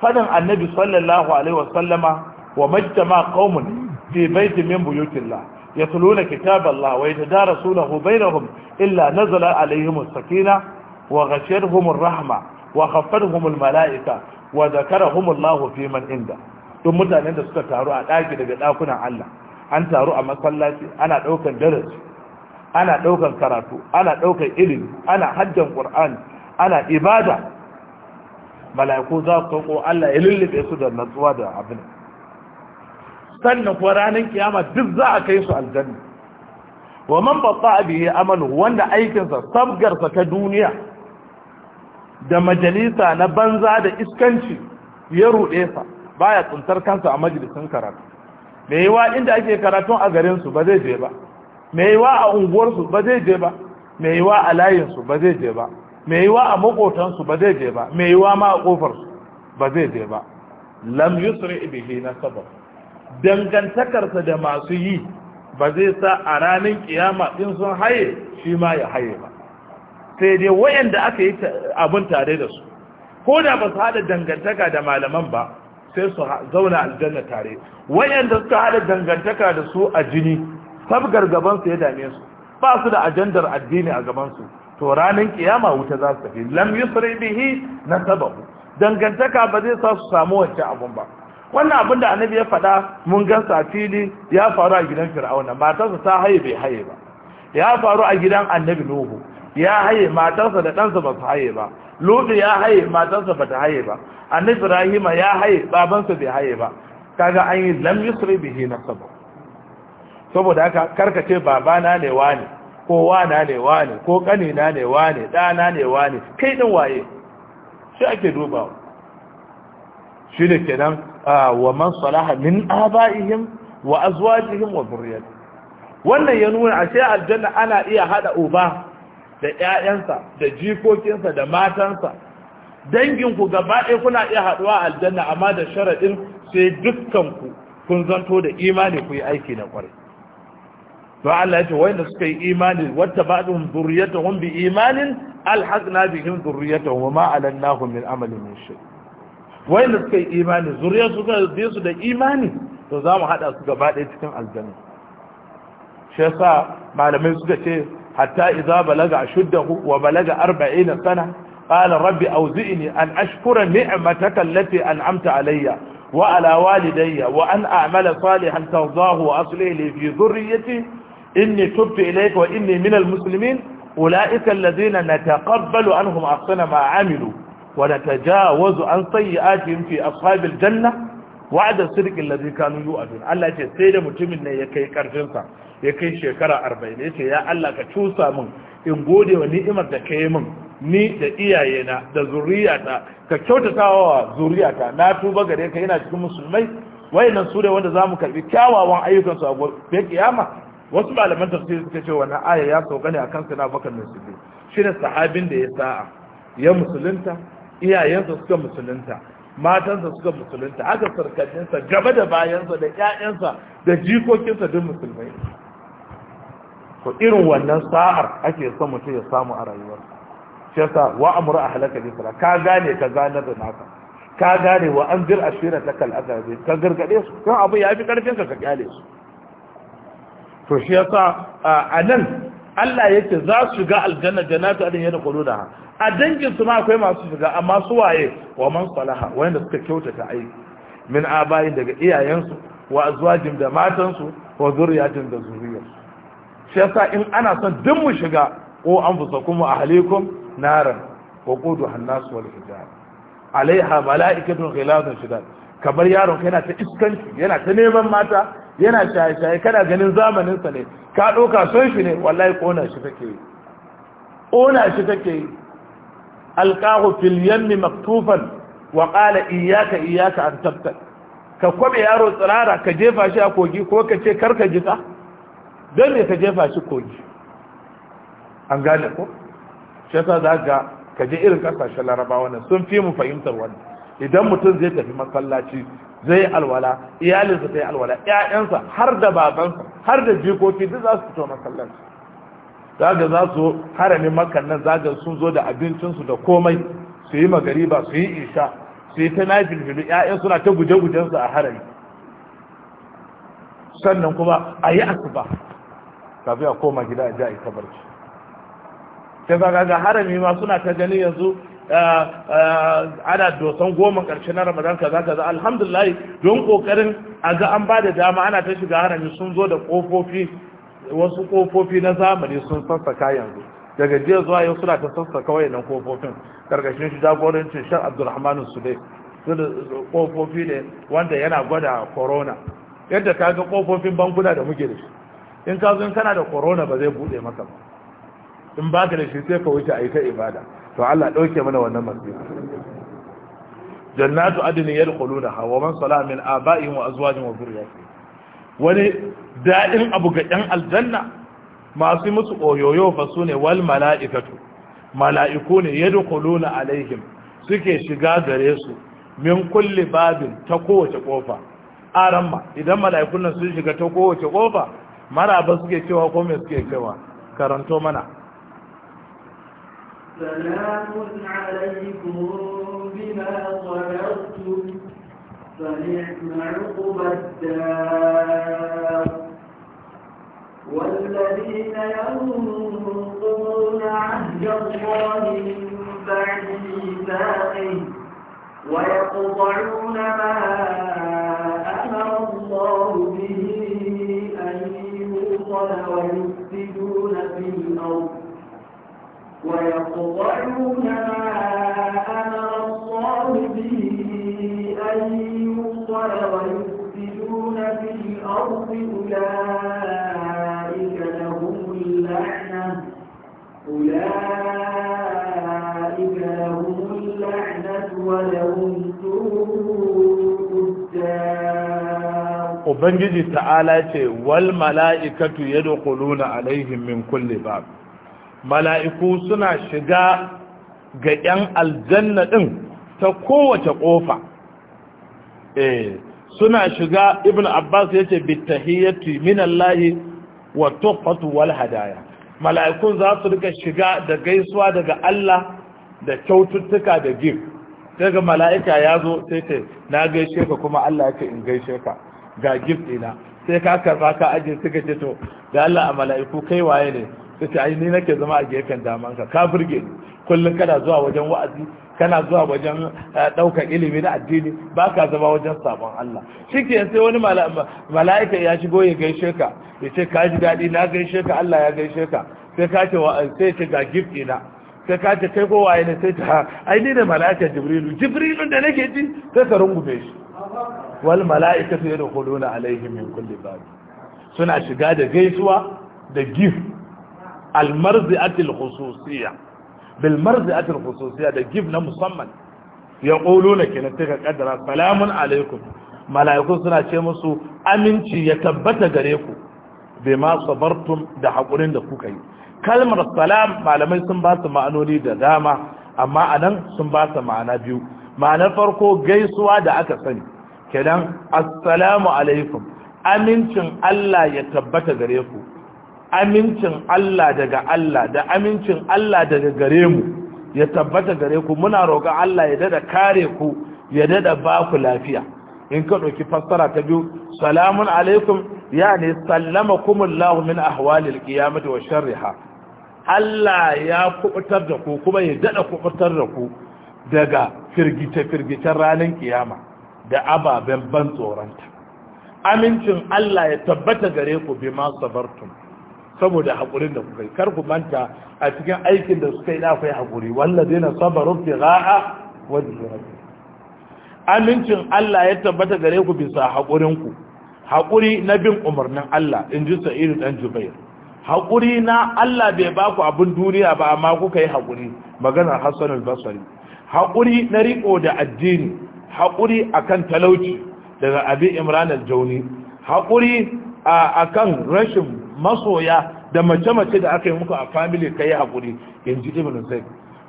fadin annabi sallallahu alaihi wasallama wa majtama qaumun fi baiti min buyutillah ya tuluna kitaballah wa yatadara sulahu bainahum illa nazala alaihimus sakina wa ghashiyatuhumur rahma wa khaffatuhumul malaika wa zakarahumullahu fi man inda duk mutanen da suka taru a ɗaki daga ɗakunan Allah an taru a masallaci ana daukan daraji ana daukan karatu ana daukan ilimi ana hajjan qur'an ana ibada mala'iku za su tsoko Allah ya lullube su da natsuwa da abin sannan kuwa ranar kiyama duk za a kai su aljanna wa man batta bihi amalu wanda aikinsa sabgarsa ta duniya da majalisa na banza da iskanci ya ruɗe sa baya tsuntar kansa a majalisin karatu me yawa inda ake karatu a garin su ba zai je ba me yawa a unguwar su ba zai je ba me yawa a layin su ba zai je ba me yawa a makotan su ba zai je ba me yawa ma a kofar su ba zai je ba lam yusri bihi sabab dangantakarsa da masu yi ba zai sa a ranar kiyama in sun haye shi ma ya haye ba sai dai wayanda aka yi abin tare da su ko da ba su haɗa dangantaka da malaman ba sai su zauna aljanna tare wayanda suka haɗa dangantaka da su a jini sabgar su ya dame su ba su da ajandar addini a gaban su, to ranar kiyama wuta za su tafi lam yusri bihi nasabahu dangantaka ba zai sa su samu wancan abun ba wannan abin da annabi ya faɗa mun gansa fili ya faru a gidan fir'auna matarsa ta haye bai haye ba ya faru a gidan annabi nuhu ya haye matarsa da ɗansa ba su haye ba lutu ya haye matarsa ba ta haye ba annabi ibrahima ya haye babansa bai haye ba kaga an yi lam yusri bihi nasaba saboda haka karkace babana ne wani ko wana ne wani ko kanina ne wani ɗana ne wani kai din waye shi ake dubawa shi ne kenan wa man salaha min abaihim wa azwajihim wa dhurriyyati wannan ya nuna ashe aljanna ana iya hada uba da ƴaƴansa da jikokinsa da matansa dangin ku gaba ɗaya kuna iya haduwa aljanna amma da sharadin sai dukkan ku kun zanto da imani ku yi aiki na kwarai to Allah ya ce wanda suka yi imani wata ba'dhum dhurriyyatuhum bi imanin alhaqna bihim dhurriyyatuhum ma alannahum min amalin min wayanda suka yi imani zuriyar suka je su da imani to za mu haɗa su gaba ɗaya cikin aljanu shi yasa malamai suka ce hatta iza balaga ashuddahu wa balaga 40 sana qala rabbi awzi'ni an ashkura ni'mataka allati amta alayya wa ala walidayya wa an a'mala salihan tardahu wa aslih li fi dhurriyyati inni tubtu ilayka wa inni minal muslimin ulaika alladhina nataqabbalu anhum ahsana ma 'amilu ونتجاوز عن سيئاتهم في أصحاب الجنة وعد الصدق الذي كانوا يؤدون الله يقول سيدة متمنى يكي كارجنسا da ya ce ya Allah ka cusa min in gode wa ni'imar da ka yi min ni da iyayena da zuriyata ka kyautata wa zuriyata na tuba gare ka yana cikin musulmai wayannan ne wanda za mu karbi kyawawan ayyukan su a gobe kiyama wasu malaman tafsir suka ce wannan aya ya sauka ne akan sana bakar mai shine sahabin da ya sa'a ya musulunta iyayensa suka musulunta matansa suka musulunta aka sarkacinsa gaba da bayansa da ƴaƴansa da jikokinsa duk musulmai Ko irin wannan sa'ar ake son mutum ya samu a rayuwar shi yasa wa amru ahlaka bi sala ka gane ka gane da naka ka gane wa an bir ashira ta kal azabi ka gargade su kan abu ya fi karfin ka ka kyale su to shi yasa a nan Allah yake za su ga aljanna jannatu adin yana ha a dangin su ma akwai masu shiga amma su waye wa man salaha wanda suka kyautata aiki min abayin daga iyayensu wa azwajin da matansu wa zuriyatin da zuriyar. shi yasa in ana son duk mu shiga ko an anfusakum wa ahlikum naran wa qudu an wal hijab alaiha malaikatu ghilazun shidad kamar yaron ka yana ta iskanci yana ta neman mata yana shaye-shaye kana ganin zamanin sa ne ka ɗauka son shi ne wallahi kona shi take yi kona shi take yi alqahu fil yammi maktufan wa qala iyyaka iyyaka an tabtal ka kwabe yaro tsirara ka jefa shi a kogi ko ka ce kar karka jika don ne ka jefa shi kogi an gane ko shi yasa za ga ka je irin kasashen larabawa nan sun fi mu fahimtar wannan idan mutum zai tafi masallaci zai yi alwala iyalinsa ta yi alwala ƴaƴansa har da babansa har da jikoki duk za su fito masallaci zaga za su haramin makan nan zaga sun zo da abincinsu da komai su yi magariba su yi isha su yi ta na filfilu ya'yan suna ta guje-gujensu a harami sannan kuma a yi asuba kafin a koma gida a ja ita barci ta zaga ga harami ma suna ta gani yanzu ana dosan goma karshe na ramadan kaza kaza alhamdulillah don kokarin a ga an ba da dama ana ta shiga harami sun zo da ƙofofi wasu kofofi na zamani sun sassaka yanzu daga jiya zuwa yau suna ta sassaka wayannan kofofin karkashin shi jagorancin shan abdulrahman sudai kofofi ne wanda yana gwada corona yadda ka ga kofofin bankuna da muke da shi in ka zo kana da corona ba zai buɗe maka ba in ba ka da shi sai ka wuce a yi ta ibada to Allah ɗauke mana wannan masu jannatu adnin yadkhuluna hawa man salamin a ba'in wa azwajihim wa zuriya wani daɗin abu ga ɗan aljanna masu musu oyoyo fa su ne wal mala'ikatu mala'iku ne yadda kuluna alaihim suke shiga gare su min kulli babin ta kowace ƙofa ramma, idan mala'ikun nan sun shiga ta kowace ƙofa maraba suke cewa ko me suke cewa karanto mana salamun alaikun bima salattum na عقب الدار والذين ينقضون عهد الله من بعد ميثاقه ويقطعون ما أمر الله به أن يوصل ويفسدون في الأرض ويقطعون ما أمر الله به أن يوصل ويفسدون في الأرض أولئك اللعنة أولئك لهم اللعنة ولهم سوء الدار وبنجي تعالى والملائكة يدخلون عليهم mala'iku suna shiga ga ‘yan aljanna ɗin ta kowace ƙofa eh, suna shiga ibn abbas ya ce bittahiyyatu minallahi wa tuffatu wal hadaya mala'ikun za su rika shiga da gaisuwa daga Allah da kyaututtuka da gif daga mala'ika ya zo sai ce na gaishe ka kuma Allah yake in gaishe ka ga gif ɗina sai ka karɓa ka aje suka ce to da Allah a mala'iku kai waye ne sai ce ai ni nake zama a gefen damanka ka burge ni kullum kana zuwa wajen wa'azi kana zuwa wajen eh, ɗaukar ilimi na addini ba ka zama wajen sabon Allah shi ke sai wani mala'ika ya shigo ya gaishe ka ya ce ka ji daɗi na gaishe ka Allah ya gaishe ka sai ka ce sai ce ga gift na sai ka ce kai kowa ne sai ta ai ni da mala'ika jibrilu jibrilu da nake ji sai ka rungume shi wal mala'ika sai da kuluna alaihim min kulli bab suna shiga da gaisuwa da gift almarzi'atil khususiyya bil marzi'atil khususiyya da gib na musamman ya ƙolo na kenan sai salamun alaikum mala'iku suna ce musu aminci ya tabbata gare ku bai ma sabartum da haƙurin da kuka yi kalmar salam malamai sun ba su ma'anoni da dama amma a nan sun ba su ma'ana biyu ma'anar farko gaisuwa da aka sani kenan assalamu alaikum amincin Allah ya tabbata gare ku amincin Allah daga Allah da amincin Allah daga gare mu ya tabbata gare ku muna roƙa Allah ya dada kare ku ya dada ba ku lafiya in ka ɗauki fassara ta biyu salamun alaikum ya ne sallama kumullahu min ahwalil qiyamati wa sharriha Allah ya kubutar da ku kuma ya dada kubutar da ku daga firgice firgicen ranar kiyama da ababen ban tsoronta amincin Allah ya tabbata gare ku bi ma sabartum saboda haƙurin da kuka yi kar ku manta a cikin aikin da suka yi na akwai haƙuri zai na sabarun fira'a wajen rabbi amincin Allah ya tabbata gare ku bisa haƙurin ku haƙuri na bin umarnin Allah in ji sa'idu dan jubair haƙuri na Allah bai ba ku abin duniya ba amma kuka yi haƙuri maganar Hassan al-Basri haƙuri na riko da addini haƙuri akan talauci daga Abi Imran al-Jauni haƙuri akan rashin masoya da mace-mace da aka yi muku a family ka yi haƙuri in ji ibn zai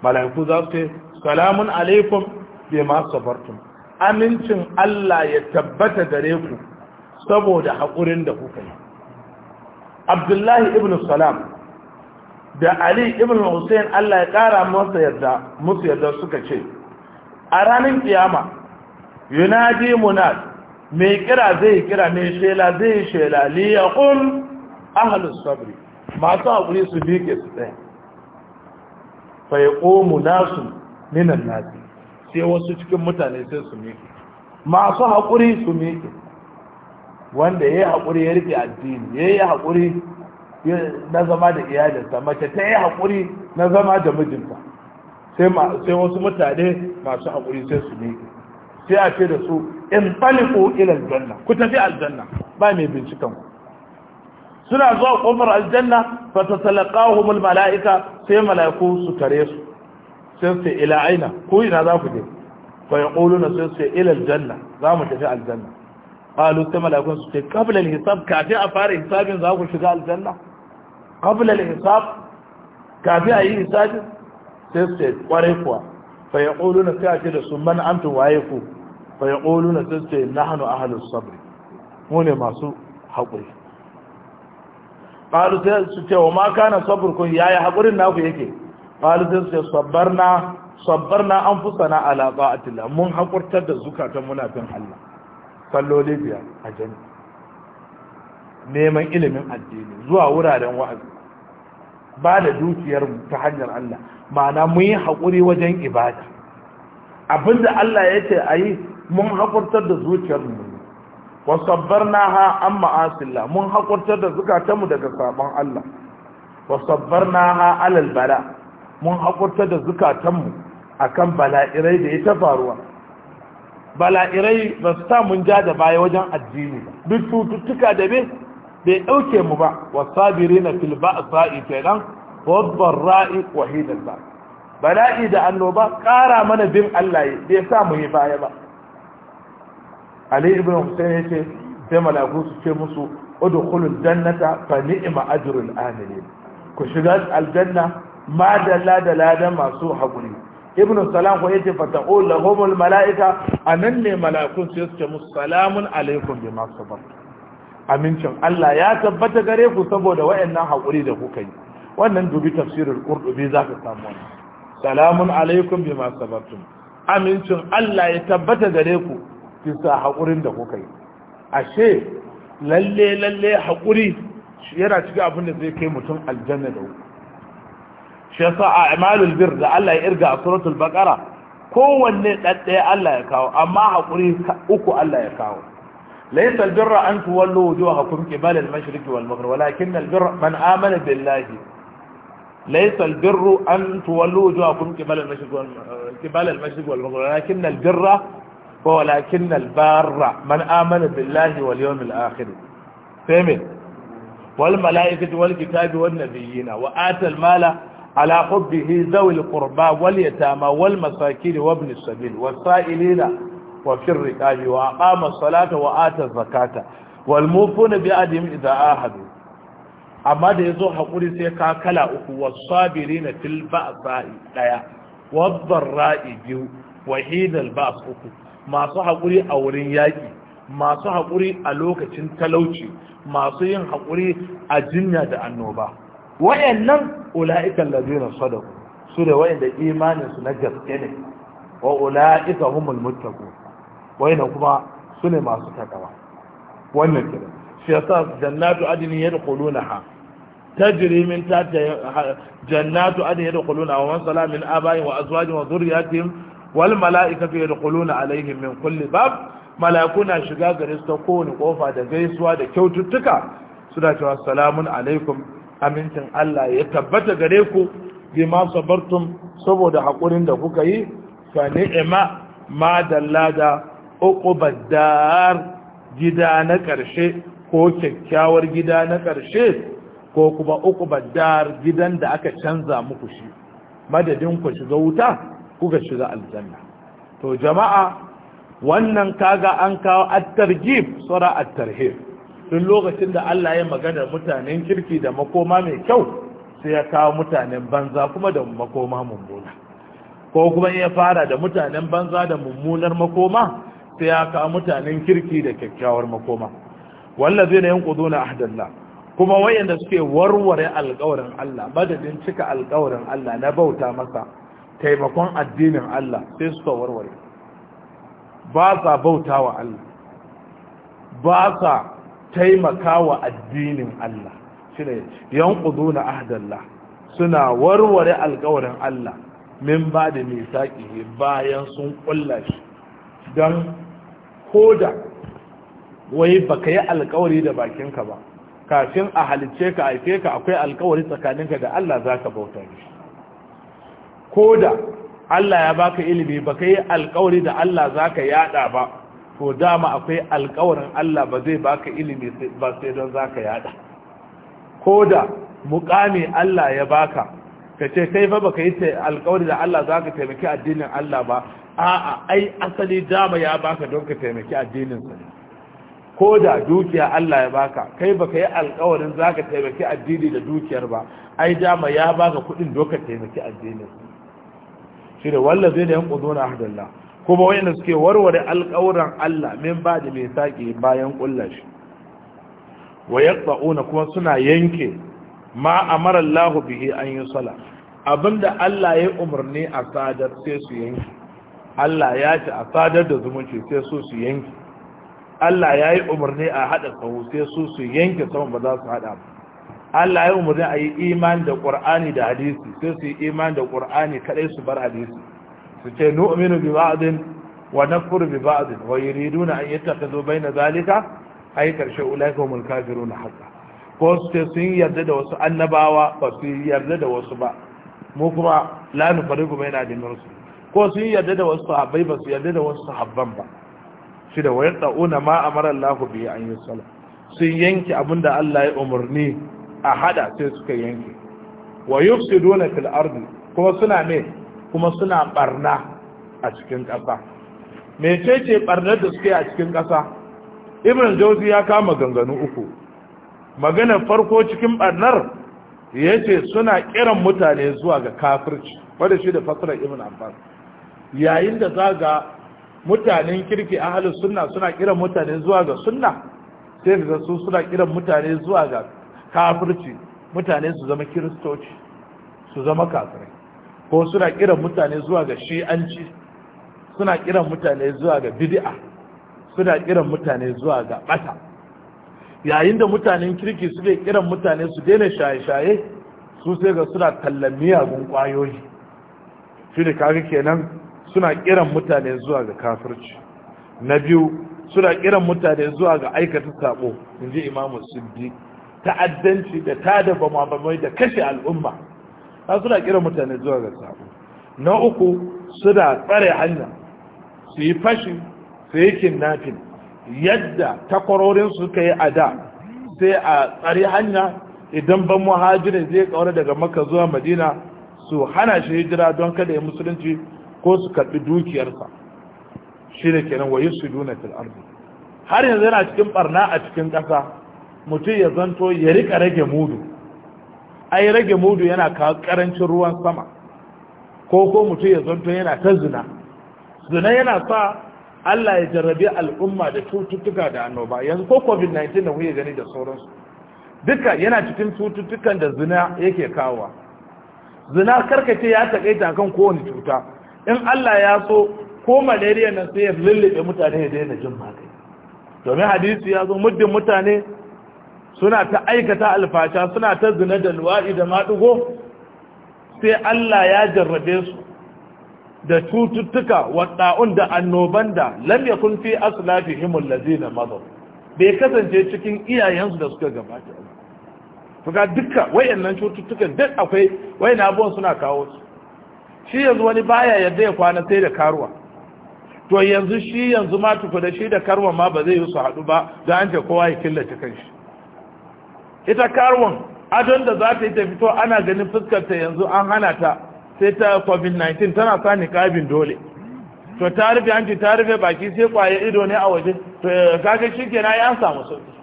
mala'iku za su ce salamun alaikum bai ma sabartum amincin Allah ya tabbata gare ku saboda haƙurin da kuka yi abdullahi ibn salam da ali ibn hussein Allah ya ƙara masa yadda musu yadda suka ce a ranar kiyama yunadi munad mai kira zai kira mai shela zai shela liyakun ahlus sabri masu haƙuri su miƙe su tsaye fa ya ƙomu nasu minan nasi sai wasu cikin mutane sai su miƙe masu haƙuri su miƙe wanda ya yi haƙuri ya rike addini ya yi haƙuri na zama da iyalinsa mace ta yi haƙuri na zama da mijinta sai wasu mutane masu haƙuri sai su miƙe sai a ce da su in ku ilal janna ku tafi aljanna ba mai binciken ku suna zuwa kofar aljanna fa tatalaqahum al malaika sai malaiku su tare su sai su ila aina ku ina za ku je fa yaquluna sai su ila Janna za mu tafi Al-Janna. qalu sai malaikun su ce qabla al hisab kafin a fara hisabin za ku shiga Al-Janna? qabla al hisab kafin a yi hisabin sai su ce kwarai kuwa fa yaquluna sai a ce da su man antum waye ku fa yaquluna sai su ce nahnu ahlus sabr mu ne masu haƙuri qalu sai su ce wa ma kana sabrukum yaya hakurin naku yake qalu sai su ce sabarna sabarna anfusana ala ta'atillah mun hakurtar da zukatan munafin Allah salloli biyar a jami'a neman ilimin addini zuwa wuraren wa'azi ba da dukiyar ta hanyar Allah ma'ana mun yi haƙuri wajen ibada abinda Allah ya ce a yi mun haƙurtar da zuciyarmu wa ha an ma'asillah mun hakurtar da zukatanmu daga sabon Allah wa ha alal bala mun hakurtar da zukatanmu akan bala'irai da ya ta faruwa bala'irai ba su sa mun ja da baya wajen addini ba duk cututtuka da bai bai dauke mu ba wa sabirina fil ba'sa'i kenan wa dharra'i wa hidal ba bala'i da annoba ƙara mana bin Allah bai sa mu yi baya ba ali ibn husayn yace sai malaku su ce musu udkhulul jannata fa ni'ma ajrul amilin ku shiga aljanna ma da ladan masu haƙuri ibn salam ko yace fa ta'ul lahumul malaika anan ne malakun su yace musu salamun alaikum bima sabar amincin Allah ya tabbata gare ku saboda wayannan haƙuri da kuka yi wannan dubi tafsirul qurtubi zaka samu salamun alaikum bima sabartum amincin Allah ya tabbata gare ku bisa haƙurin da kuka yi ashe lalle lalle haƙuri yana cikin abin da zai kai mutum aljanna da shi yasa a amalul bir da Allah ya irga a suratul baqara kowanne ɗaɗɗaya Allah ya kawo amma haƙuri uku Allah ya kawo laysa albirra an tuwallu wujuhakum qibala al-mashriqi wal maghrib walakin albirra man amana billahi laysa albirru an tuwallu wujuhakum qibala al-mashriqi wal qibala ولكن البار من آمن بالله واليوم الآخر فهمت والملائكة والكتاب والنبيين وآتى المال على حبه ذوي القربى واليتامى والمساكين وابن السبيل والسائلين وفي الركاب وأقام الصلاة وآتى الزكاة والموفون بأدهم إذا آهدوا أما ديزو ya سيكا haƙuri sai ka kala uku wasabiri وحيد البأس أخوه masu haƙuri a wurin yaƙi masu haƙuri a lokacin talauci masu yin haƙuri a jinya da annoba wayannan ula'ikan lazina sadar su da wayanda imaninsu na gaske ne wa ula'ika humul muttaqu wayannan kuma su ne masu takawa wannan kira shi sa jannatu ha ta jiri min ta jannatu adni na wa man sala min wa azuwajin wa zuriyatin wal mala'ikatu yadkhuluna alaihim min kulli bab malakuna shiga gare su ta kowane kofa da gaisuwa da kyaututtuka suna cewa salamun alaikum amincin Allah ya tabbata gare ku bima sabartum saboda hakurin da kuka yi fa ni'ma ma dallada uqubad dar gida na karshe ko kyakkyawar gida na karshe ko kuma uqubad dar gidan da aka canza muku shi madadin ku shiga wuta kuka shiga aljanna to jama'a wannan kaga an kawo at-targhib sura at-tarhib duk lokacin da Allah ya magana mutanen kirki da makoma mai kyau sai ya kawo mutanen banza kuma da makoma mummuna ko kuma ya fara da mutanen banza da mummunar makoma sai ya kawo mutanen kirki da kyakkyawar makoma wallazi ne yanquduna ahdallah kuma wayanda suke warware alƙawarin Allah madadin cika alƙawarin Allah na bauta masa taimakon addinin Allah sai su warware ba sa bauta wa Allah ba sa taimaka wa addinin Allah shine na ahdallah suna warware alƙawarin Allah min ba da misaki bayan sun ƙulla shi don koda wai baka yi alkawari da bakinka ba kafin a halice ka haife ka akwai alkawari tsakaninka da Allah za ka bauta shi ko da Allah ya baka ilimi baka yi alkawari da Allah zaka yada ba to dama akwai alkawarin Allah ba zai baka ilimi ba sai don zaka yada ko da mukami Allah ya baka ka ce kai fa baka yi alkawari da Allah zaka taimaki addinin Allah ba a'a ai asali dama ya baka don ka taimaki addinin sa ko da dukiya Allah ya baka kai baka yi alkawarin zaka taimaki addini da dukiyar ba ai dama ya baka kudin don ka taimaki addinin sa shi da wallazi da yanquduna ahdallah kuma wayanda suke warware alƙawuran Allah min ba da mai saki bayan ƙulla shi wa yaqta'una kuma suna yanke ma amara Allah bihi an yi sala abinda Allah ya umarni a sadar sai su yanke Allah ya ce a sadar da zumunci sai su su yanke Allah ya yi umarni a haɗa sahu sai su su yanke sama ba za su haɗa ba Allah ya umarni a yi imani da ƙur'ani da hadisi sai su yi imani da ƙur'ani kaɗai su bar hadisi su ce nu'minu bi ba'din wa nakfuru bi ba'din wa yuriduna an yattakhidhu na zalika ay karshe ulaika humul kafiruna haqqan ko su ce sun yarda da wasu annabawa ba su yarda da wasu ba mu kuma la nufariqu bayna dinar su ko sun yarda da wasu sahabbai ba su yarda da wasu sahabban ba shi da wayar ta'una ma amara Allahu bi an yusalla sun yanke abinda Allah ya umarni a hada sai suka yanke wa yufsiduna fil ardi kuma suna ne? kuma suna barna a cikin ƙasa mecece barnar da suke a cikin ƙasa ibn jauzi ya kama ganganu uku maganar farko cikin barnar ya ce suna kiran mutane zuwa ga kafirci wadda shi da fasirar ibn abbas yayin da za ga mutanen kirki a halin sunna suna kiran mutane zuwa ga sunna sai da su suna kiran mutane zuwa ga kafirci mutane su zama kiristoci su zama kafirai ko suna kiran mutane zuwa ga shi'anci suna kiran mutane zuwa ga bid'a suna kiran mutane zuwa ga bata yayin da mutanen kirki suke kiran mutane su daina shaye-shaye su sai ga suna tallan miyagun kwayoyi shi ne kaga kenan suna kiran mutane zuwa ga kafirci na biyu suna kiran mutane zuwa ga aikata sabo in ji imamu siddiq ta'addanci da tada bamabamai da kashe al'umma ta suna kira mutane zuwa ga sabo na uku suna tsare hanya su yi fashi su yi kinnafin yadda takwarorin suka yi a da sai a tsare hanya idan ban muhajirin zai kaura daga maka zuwa madina su hana shi hijira don kada ya musulunci ko su karbi dukiyarsa shi ne kenan wa fil ardi har yanzu yana cikin barna a cikin ƙasa mutum ya zanto ya rika rage mudu ai rage mudu yana karancin ruwan sama ko ko mutum ya zanto yana ta zina zina yana sa Allah ya jarrabi al'umma da cututtuka da annoba yanzu ko covid-19 da kuke gani da sauransu duka yana cikin cututtukan da zina yake kawowa zina karkace ya takaita kan kowane cuta in Allah ya so ko malaria nan sai ya lullube mutane ya daina jin magani domin hadisi ya zo muddin mutane suna ta aikata alfasha suna ta zina da luwa'i da maɗugo sai Allah ya jarrabe su da cututtuka waɗaun da annoban da lam yakun fi aslafihim da madaw bai kasance cikin iyayensu da suka gabata fuka duka nan cututtukan duk akwai wayan abuwan suna kawo su shi yanzu wani baya yadda ya kwana sai da karuwa to yanzu shi yanzu ma tuku da shi da karuwa ma ba zai yi su haɗu ba da an je kowa ya killace kanshi ita karuwan adon da za ta yi ta fito ana ganin fuskarta yanzu an hana ta sai ta covid-19 tana sa niqabin dole to ta rufe hanci ta rufe baki sai kwaye ido ne a waje to eh, kaga shikenan ya samu sauki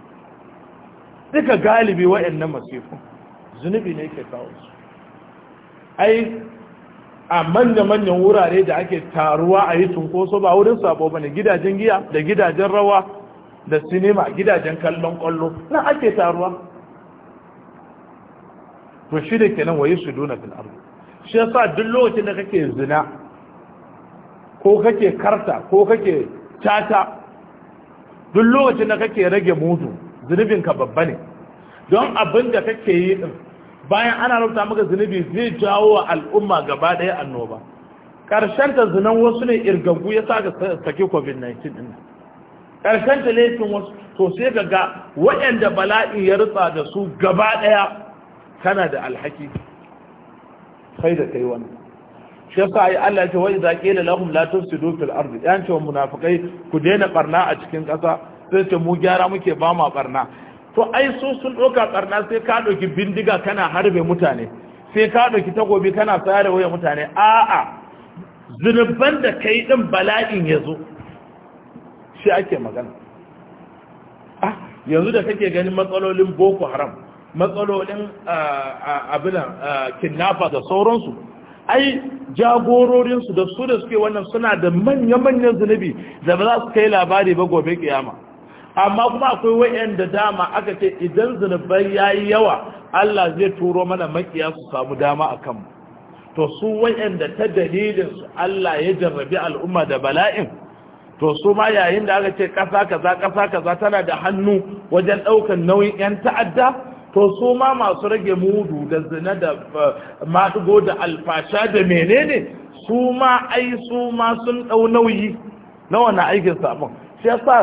duka galibi wa'annan masifu zunubi ne ke kawo su ai a manya-manyan wurare da ake taruwa a yi tunkoso ba wurin sabo bane gidajen giya da gidajen rawa da sinima gidajen kallon kwallo na ake taruwa to shi da kenan wayi su duna fil ardi shi yasa duk lokacin da kake zina ko kake karta ko kake tata duk lokacin da kake rage mutu zunubin ka babba ne don abin da kake yi din bayan ana rubuta maka zunubi zai jawo wa al'umma gaba daya annoba karshen ta zinan wasu ne irgagu ya sa ka sake covid-19 din karshen ta laifin wasu to sai ga waɗanda bala'i ya rutsa da su gaba daya kana da alhaki kai da kai wannan shi yasa ai Allah ce wai zaqi la lahum la tusidu fil ardi yan ce munafikai ku daina barna a cikin ƙasa sai ce mu gyara muke ba ma barna to ai su sun doka barna sai ka doki bindiga kana harbe mutane sai ka doki takobi kana sare waya mutane a'a zunuban da kai din bala'in yazo shi ake magana ah yanzu da kake ganin matsalolin boko haram matsalolin abinan kidnapper da sauransu ai jagororinsu da su da suke wannan suna da manya-manyan zunubi da ba za su kai labari ba gobe kiyama amma kuma akwai wayan da dama aka ce idan zunubai ya yi yawa Allah zai turo mana makiya su samu dama a kanmu to su wayan da ta dalilinsu Allah ya jarrabi al'umma da bala'in to su ma yayin da aka ce ƙasa kaza ƙasa kaza tana da hannu wajen ɗaukar nauyin 'yan ta'adda to su ma masu rage mudu da zina da eh, maɗigo da alfasha da menene su ma ai su ma sun dau nauyi na wannan aikin sabon shi yasa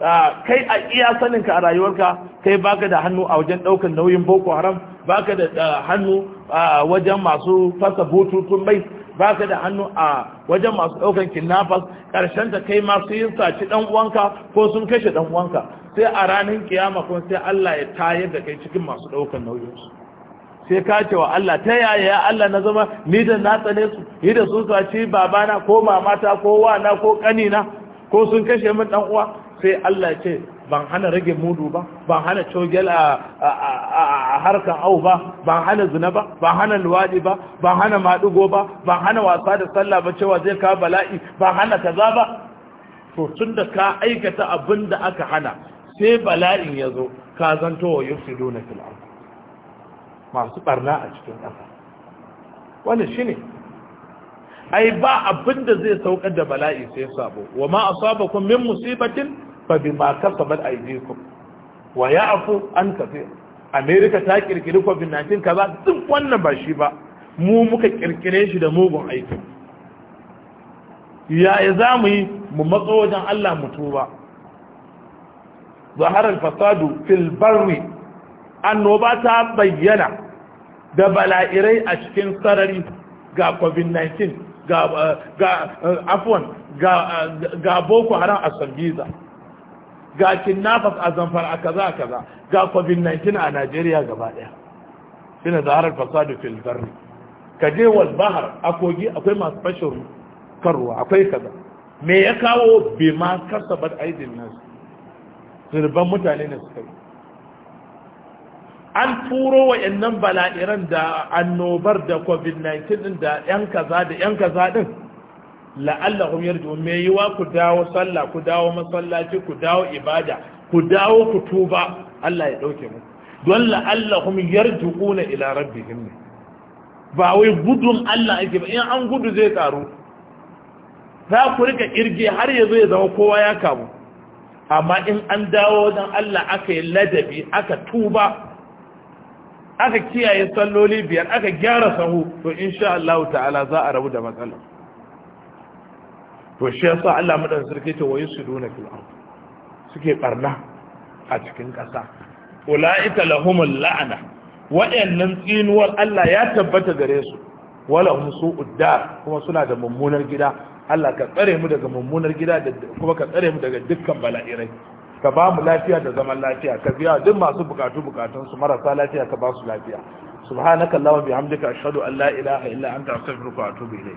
eh, kai a iya sanin ka a rayuwarka kai baka da hannu a wajen ɗaukar nauyin boko haram baka da eh, hannu a wajen masu fasa bututun mai baka da hannu a wajen masu ɗaukar kidnappers karshen ta kai masu yin saci dan uwanka ko sun kashe dan uwanka sai a ranar kiyama kuma sai Allah ya tayar da kai cikin masu ɗaukar nauyinsu sai ka ce wa Allah ta yaya ya Allah na zama ni da na tsane su yi da sun saci babana ko mamata ko wana ko kanina ko sun kashe min ɗan uwa sai Allah ce ban hana rage mudu ba ban hana cogel a harkar au ba ban hana zina ba ban hana luwadi ba ban hana madugo ba ban hana wasa da sallah ba cewa zai ka bala'i ban hana kaza ba to tun da ka aikata abin da aka hana sai bala'in ya zo ka zanto wa yufsidu na fil masu barna a cikin ƙasa shi shine ai ba abin da zai saukar da bala'i sai sabo wa ma asabakum min musibatin fa a kasabat aydikum wa ya'fu an kafe. america ta kirkiri covid 19 kaza duk wannan ba shi ba mu muka kirkire shi da mugun aiki yaya za mu yi mu matso wajen Allah mutuwa. zaharar fasadu fil barri annoba ta bayyana da bala'irai a cikin sarari ga covid-19 ga afon ga boko haram a sangiza ga kinnafas a zamfar a kaza kaza ga covid-19 a najeriya gaba daya shi ne zaharar fasadu fil barri ka je akwai masu fashin karuwa akwai kaza me ya kawo bai ma zurban mutane ne suka yi an turo wa yannan bala'iran da annobar da covid-19 ɗin da yan kaza da yan kaza din la'allahum yarju me yiwa ku dawo sallah ku dawo masallaci ku dawo ibada ku dawo ku tuba Allah ya dauke mu don la'allahum yarjuuna ila rabbihim ba wai gudun Allah ake ba in an gudu zai karu za ku rika kirge har yazo ya zama kowa ya kamu amma in an dawo wajen Allah aka yi ladabi aka tuba aka kiyaye salloli biyar aka gyara sahu to insha Allah ta'ala za a rabu da matsalar to shi yasa Allah madan sarki ta wayi su duna fil suke barna a cikin ƙasa ulaika lahumul la'ana waɗannan tsinuwar Allah ya tabbata gare su wala hum su'ud kuma suna da mummunar gida Allah ka tsare mu daga mummunar gida da kuma ka tsare mu daga dukkan bala'irai ka ba mu lafiya da zaman lafiya ka biya duk masu bukatu bukatun su marasa lafiya ka ba su lafiya subhanakallahumma bihamdika ashhadu an la ilaha illa anta astaghfiruka wa atubu ilayk